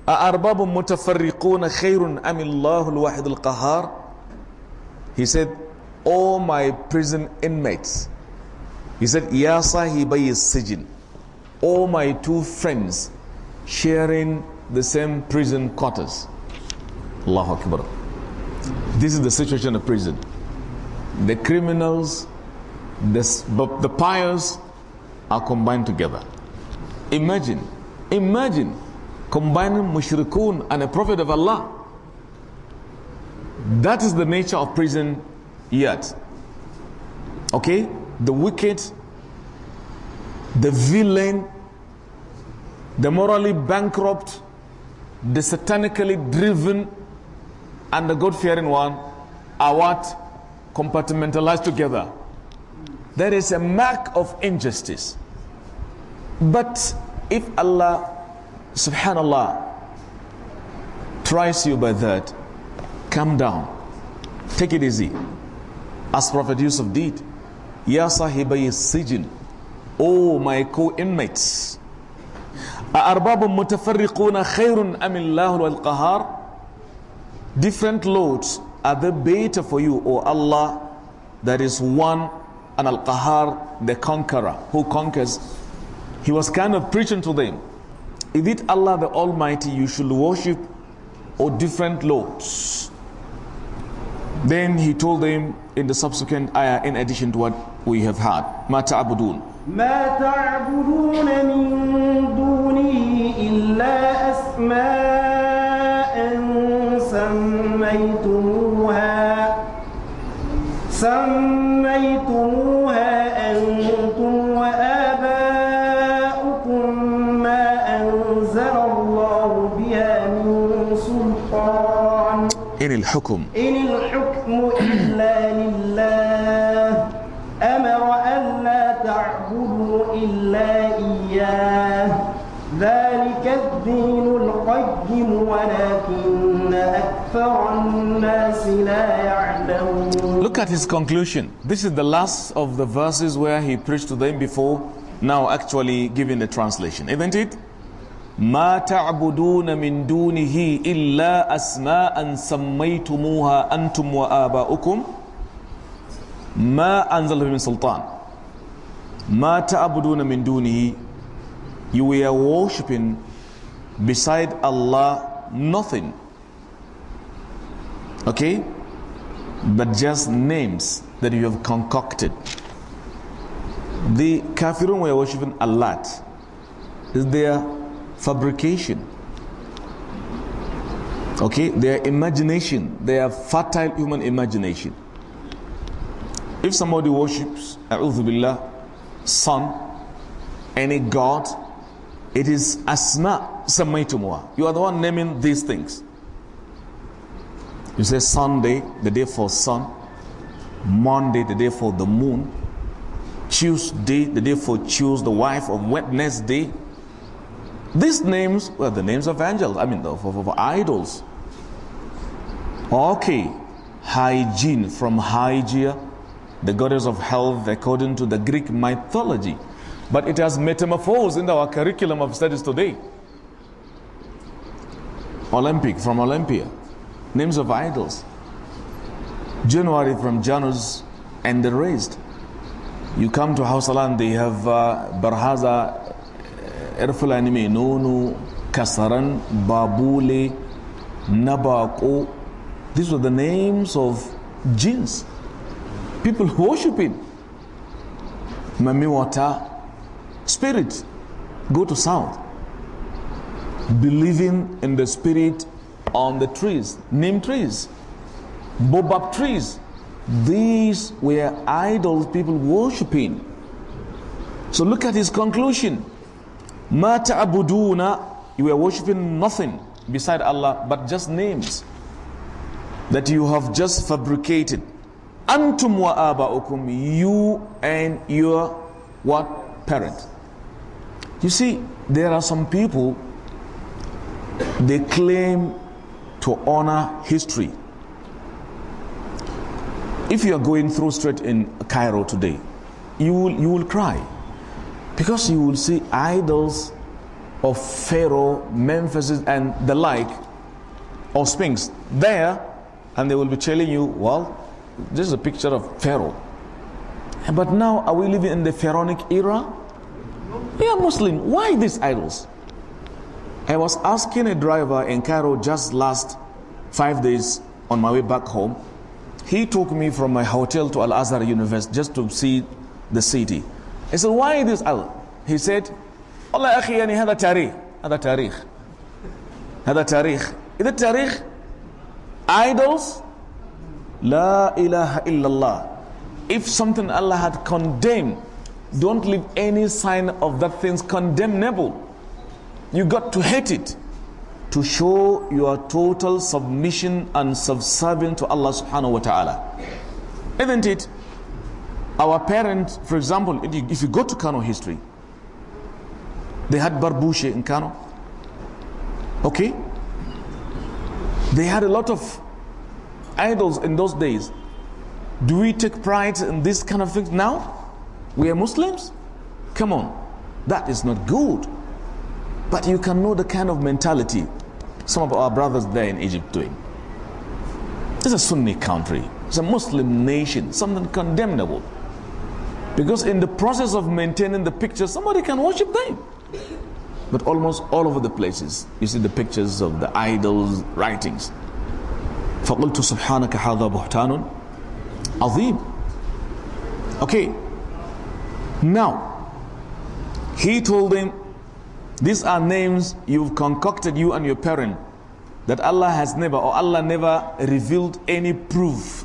أَأَرْبَابٌ مُتَفَرِّقُونَ خَيْرٌ أَمِ اللَّهُ الْوَاحِدُ الْقَهَارِ He said, "Oh, my prison inmates. He said, Ya sahibai sijin. my two friends sharing the same prison quarters. Allahu Akbar. This is the situation of prison. The criminals, the, the pious, are combined together. Imagine, imagine combining mushrikun and a prophet of Allah. That is the nature of prison yet. Okay? The wicked, the villain, the morally bankrupt, the satanically driven, and the God fearing one are what? Compartmentalized together there is a mark of injustice. But if Allah subhanallah tries you by that, calm down. Take it easy. As Prophet Yusuf did, Ya sahibayi sijin, O my co-inmates, أأرباب متفرقون خير أم الله القهار Different loads are the better for you, O Allah, that is one and Al Qahar, the conqueror, who conquers, he was kind of preaching to them. Is it Allah the Almighty you should worship or different lords? Then he told them in the subsequent ayah, in addition to what we have heard, ما تعبدون ما تعبدون من دونه إلا أسماء سميتم سميتموها أنتم وآباؤكم ما أنزل الله بها من سلطان إن الحكم إن الحكم إلا لله أمر أن لا تعبدوا إلا إياه ذلك الدين الحكم ولكن أكثر الناس لا يعلمون Look at his conclusion. This is the last of the verses where he preached to them before, now actually giving the translation, isn't it? ما تعبدون من دونه إلا أسماء سميتموها أنتم وآباؤكم ما أنزل من سلطان ما تعبدون من دونه You were worshipping beside Allah nothing. Okay? But just names that you have concocted. The kafirun were worshipping Allah. Is their fabrication. Okay? Their imagination, their fertile human imagination. If somebody worships, a'udhu billah, sun, any god, it is asma سميتموها you are the one naming these things you say Sunday the day for sun Monday the day for the moon Tuesday the day for choose the wife of Wednesday these names were the names of angels I mean of, of, of idols okay hygiene from Hygeia the goddess of health according to the Greek mythology but it has metamorphosed in our curriculum of studies today Olympic from Olympia, names of idols. January from Janus, and the rest. You come to Hausaland, they have uh, Barhaza, uh, Erfulanime, Nunu, Kasaran, Babule, Nabako. These were the names of jinns. People worshipping. Mamiwata, spirit, go to south believing in the spirit on the trees, neem trees, bobab trees. These were idols people worshipping. So look at his conclusion. Mata Abuduna, you were worshipping nothing beside Allah but just names that you have just fabricated. Antum wa aba'ukum, you and your what parent. You see, there are some people they claim to honor history. If you are going through street in Cairo today, you will, you will cry because you will see idols of Pharaoh, Memphis, and the like, or Sphinx there, and they will be telling you, well, this is a picture of Pharaoh. But now, are we living in the Pharaonic era? We are Muslim. Why these idols? I was asking a driver in Cairo just last five days on my way back home. He took me from my hotel to Al Azhar University just to see the city. I said, why this Al? He said, Allah, أخي hada هذا hada هذا hada tariq. Is it tariq? idols La ilaha illallah. if something Allah had condemned don't leave any sign of that thing's condemnable you got to hate it to show your total submission and subservience to Allah subhanahu wa ta'ala. Isn't it? Our parents, for example, if you go to Kano history, they had barbusha in Kano. Okay? They had a lot of idols in those days. Do we take pride in this kind of things now? We are Muslims? Come on. That is not good. But you can know the kind of mentality some of our brothers there in Egypt doing. This is a Sunni country. It's a Muslim nation. Something condemnable. Because in the process of maintaining the picture, somebody can worship them. But almost all over the places, you see the pictures of the idols' writings. فَقُلْتُ سُبْحَانَكَ هَذَا بُهْتَانٌ عَظِيمٌ Okay. Now, he told them, these are names you've concocted, you and your parent, that Allah has never or Allah never revealed any proof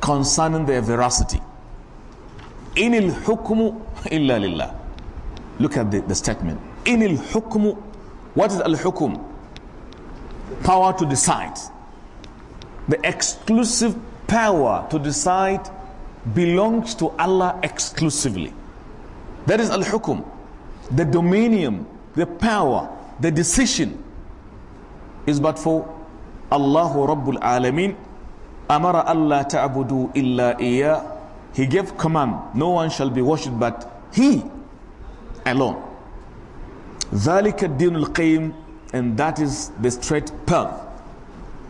concerning their veracity. Inil hukmu illa lillah. Look at the, the statement. Inil hukmu. What is al hukum? Power to decide. The exclusive power to decide belongs to Allah exclusively. That is al hukum. The dominion the power, the decision is but for Allah Rabbul Alameen. Amara Allah ta'budu illa iya. He gave command, no one shall be worshipped but He alone. ذلك الدين القيم and that is the straight path.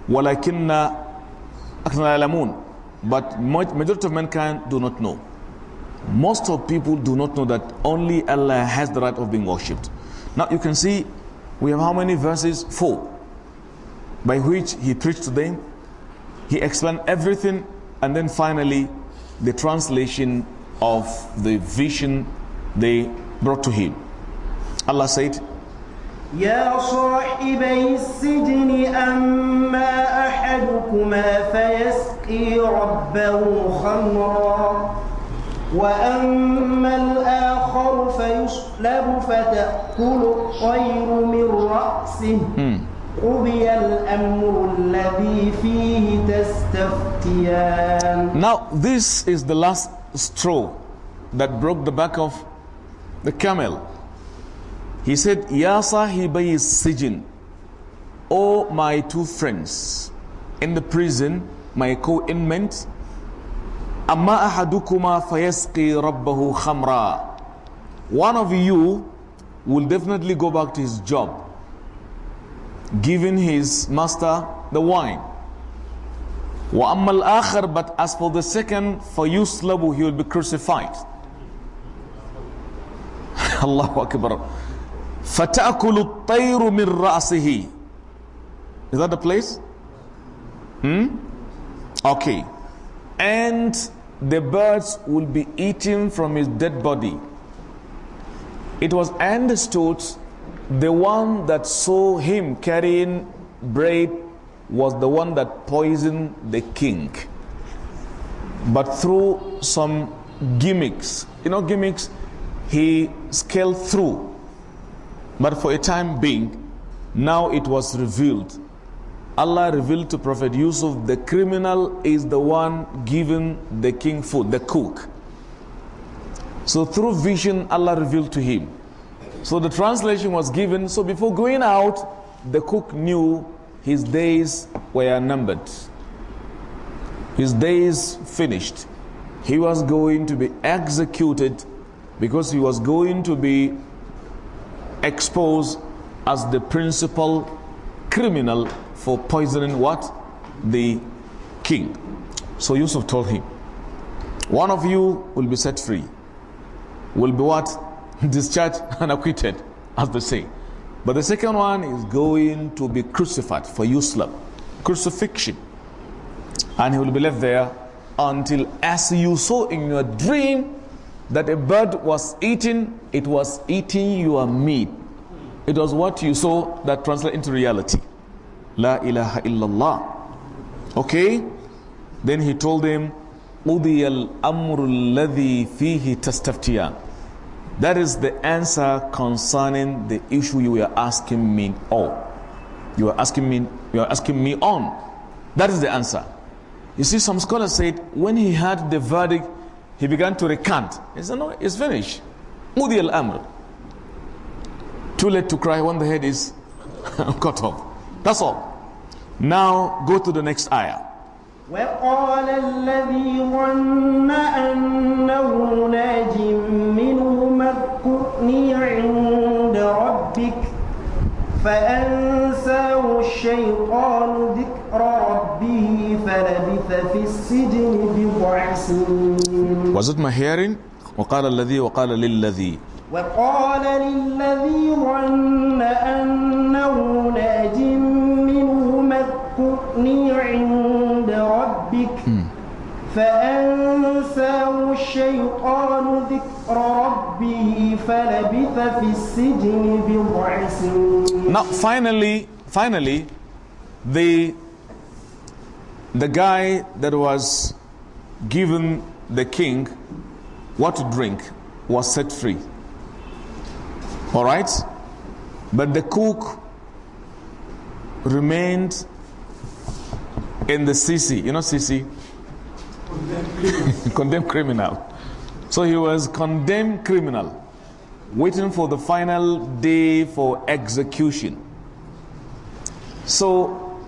ولكن أكثر العالمون but majority of mankind do not know. Most of people do not know that only Allah has the right of being worshipped. Now you can see we have how many verses? Four. By which he preached to them, he explained everything, and then finally the translation of the vision they brought to him. Allah said, يا صاحبي السجن أما أحدكما فيسقي ربه خمرا وأما الآخر فيصلب فتأكل الطير من رأسه hmm. قضي الأمر الذي فيه تستفتيان Now this is the last straw that broke the back of the camel. He said, Ya sahibai sijin, O my two friends, in the prison, my co-inmates, Amma ahadukuma fayasqi rabbahu khamra. One of you will definitely go back to his job, giving his master the wine. وَأَمَّا الْآخَرْ But as for the second, فَيُسْلَبُ He will be crucified. Allahu Akbar. فَتَأْكُلُ الطَّيْرُ مِنْ رَأْسِهِ Is that the place? Hmm? Okay. And the birds will be eating from his dead body. It was understood the one that saw him carrying bread was the one that poisoned the king. But through some gimmicks, you know, gimmicks, he scaled through. But for a time being, now it was revealed Allah revealed to Prophet Yusuf the criminal is the one giving the king food, the cook. So through vision, Allah revealed to him. So the translation was given. So before going out, the cook knew his days were numbered, his days finished. He was going to be executed because he was going to be exposed as the principal criminal for poisoning what? The king. So Yusuf told him, one of you will be set free, will be what? Discharged and acquitted, as they say. But the second one is going to be crucified for Yusuf, crucifixion. And he will be left there until, as you saw in your dream, that a bird was eating, it was eating your meat. It was what you saw that translated into reality. La ilaha illallah. Okay? Then he told him, Udiyal amrul ladhi fihi tastaftiya. That is the answer concerning the issue you are asking me on. You are asking me, you are asking me on. That is the answer. You see, some scholars said when he heard the verdict, he began to recant. He said, No, it's finished. Mudi al Amr. Too late to cry when the head is cut off. That's all. Now go to the next ayah. وقال الذي ظن أنه ناج منهم اذكرني عند ربك فأنساه الشيطان ذكر ربه فلبث في السجن بضع سنين Was it my hearing? وقال الذي وقال للذي وقال للذي ظن أنه ناج ربك فأنساه الشيطان ذكر ربه فلبث في السجن بضع سنين Now finally, finally, the the guy that was given the king what to drink was set free. All right? But the cook remained in the CC. You know CC? Condemned criminal. condemned criminal. So he was condemned criminal, waiting for the final day for execution. So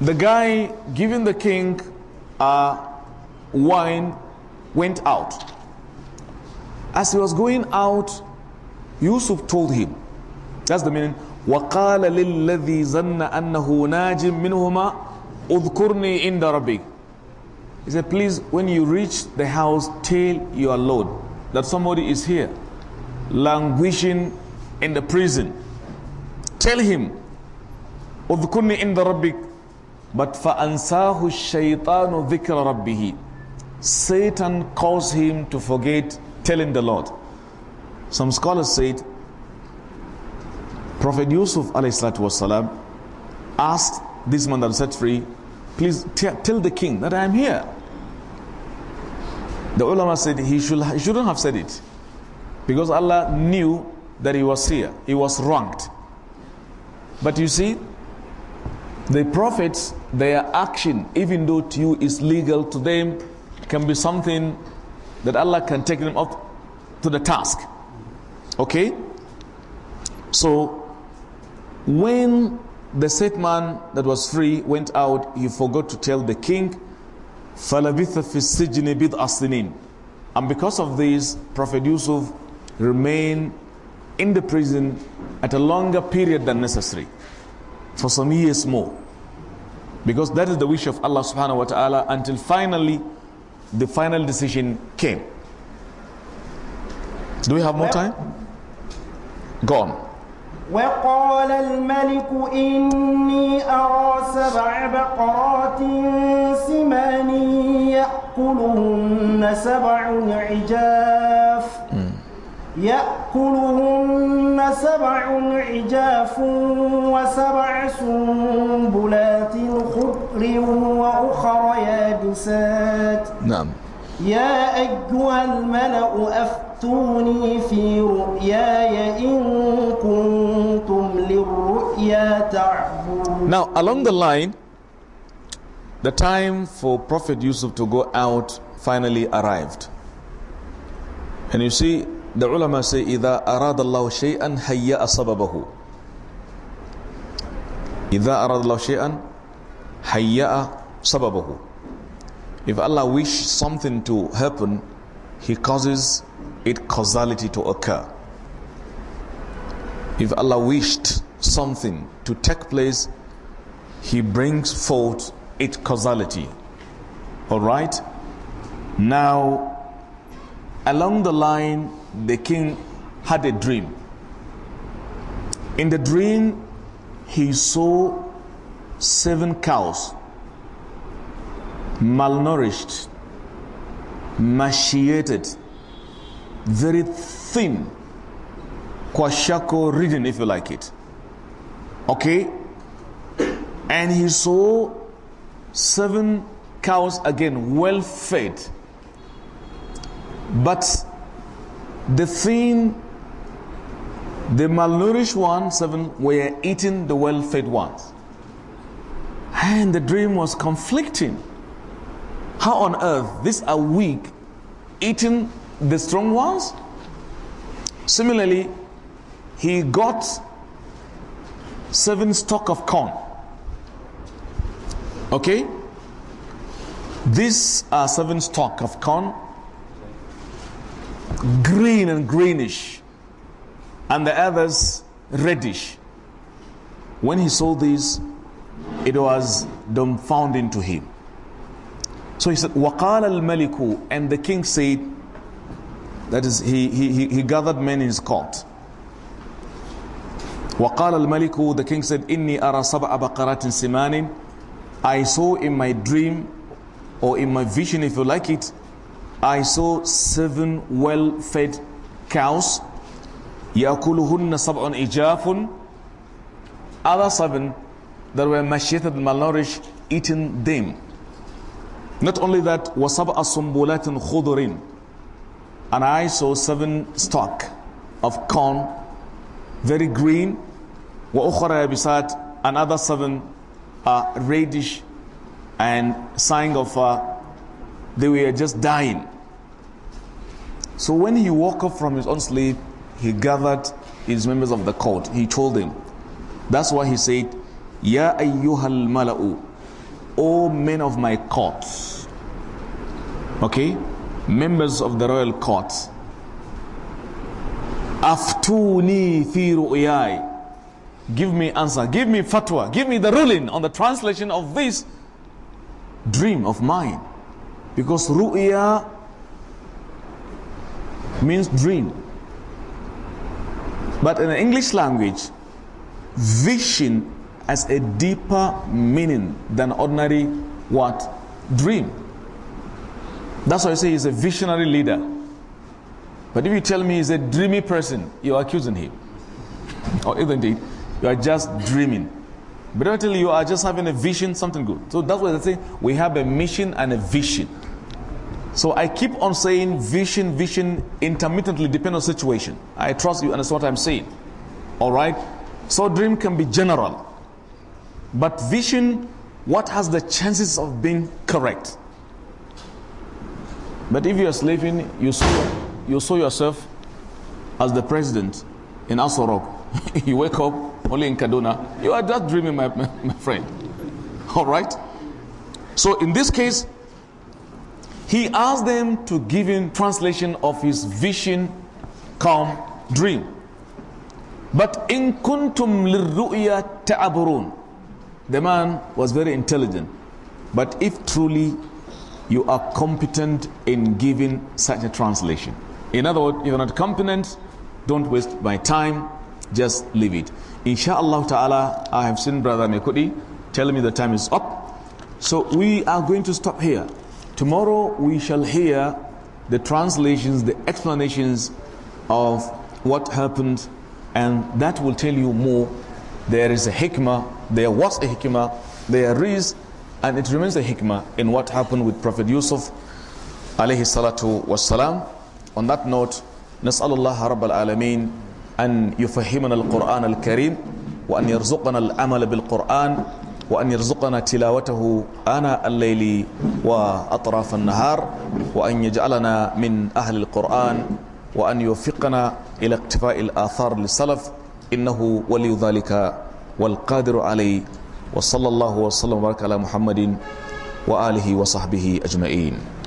the guy giving the king uh, wine went out. As he was going out, Yusuf told him, that's the meaning, وَقَالَ لِلَّذِي زَنَ أَنَّهُ نَاجٍ مِّنْهُمَا Udhkurni in Rabbi. He said, please, when you reach the house, tell your Lord that somebody is here, languishing in the prison. Tell him, Udhkurni in Rabbi. But فَأَنْسَاهُ الشَّيْطَانُ ذِكْرَ rabbihi. Satan caused him to forget telling the Lord. Some scholars said, Prophet Yusuf والسلام, asked this man that set free, please tell the king that I am here. The ulama said he, should, he shouldn't have said it because Allah knew that he was here, he was wronged. But you see, the prophets, their action, even though to you is legal, to them can be something that Allah can take them up to the task. Okay? So, when the set man that was free went out, he forgot to tell the king. And because of this, Prophet Yusuf remained in the prison at a longer period than necessary, for some years more. Because that is the wish of Allah subhanahu wa ta'ala until finally the final decision came. Do we have more time? Go on. وقال الملك إني أرى سبع بقرات سمان يأكلهن سبع عجاف يأكلهن سبع عجاف وسبع سنبلات خضر وأخر يابسات نعم يا أيها الملأ أفتح في رؤياي إن كنتم للرؤيا Now along the line the time for Prophet Yusuf to go out finally arrived and you see the ulama say إذا أراد الله شيئا هيأ سببه إذا أراد الله شيئا هيأ سببه If Allah wish something to happen, He causes it causality to occur. If Allah wished something to take place, He brings forth its causality. Alright? Now, along the line, the king had a dream. In the dream, he saw seven cows, malnourished, machiated, very thin kwashako reading, if you like it. Okay? And he saw seven cows again, well fed. But the thin, the malnourished one, seven, were eating the well fed ones. And the dream was conflicting. How on earth these are weak, eating the strong ones. Similarly, he got seven stalk of corn. Okay? These are seven stalk of corn, green and greenish, and the others reddish. When he saw this, it was dumbfounding to him. So he said, al-maliku," And the king said, that is, he, he, he gathered men in his court. وقال الملك the king said إني أرى سبع بقرات سمان I saw in my dream or in my vision if you like it I saw seven well-fed cows يأكلهن سبع إجاف other seven that were machiated malnourished eating them not only that وسبع سنبلات خضرين and I saw seven stalks of corn, very green, وأخرى يبسات, and other seven uh, reddish and sign of uh, they were just dying. So when he woke up from his own sleep, he gathered his members of the court. He told them, that's why he said, Ya ayyuhal mala'u, O men of my court. Okay? members of the royal court, Aftuni fi ru'yai. Give me answer, give me fatwa, give me the ruling on the translation of this dream of mine. Because ru'ya means dream. But in the English language, vision has a deeper meaning than ordinary what? Dream. That's why I say he's a visionary leader. But if you tell me he's a dreamy person, you're accusing him. or isn't it? You are just dreaming. But if I tell you, you are just having a vision, something good. So that's why I say we have a mission and a vision. So I keep on saying vision, vision intermittently depend on situation. I trust you understand what I'm saying. All right? So dream can be general. But vision, what has the chances of being correct? But if you are sleeping, you saw, you saw yourself as the president in Asorok. you wake up only in Kaduna. You are just dreaming, my, my, my friend. All right? So in this case, he asked them to give him translation of his vision, calm dream. But in kuntum lirru'ya ta'aburun. The man was very intelligent. But if truly you are competent in giving such a translation. In other words, if you're not competent, don't waste my time, just leave it. Inshallah ta'ala, I have seen Brother Nekudi telling me the time is up. So we are going to stop here. Tomorrow we shall hear the translations, the explanations of what happened, and that will tell you more. There is a hikmah, there was a hikmah, there is and it remains a hikmah in what happened with Prophet Yusuf alayhi salatu wassalam. On that note, نسأل الله رب العالمين أن يفهمنا القرآن الكريم وأن يرزقنا العمل بالقرآن وأن يرزقنا تلاوته آناء الليل وأطراف النهار وأن يجعلنا من أهل القرآن وأن يوفقنا إلى اقتفاء الآثار للسلف إنه ولي ذلك والقادر عليه وصلى الله وسلم وبارك على محمد وآله وصحبه أجمعين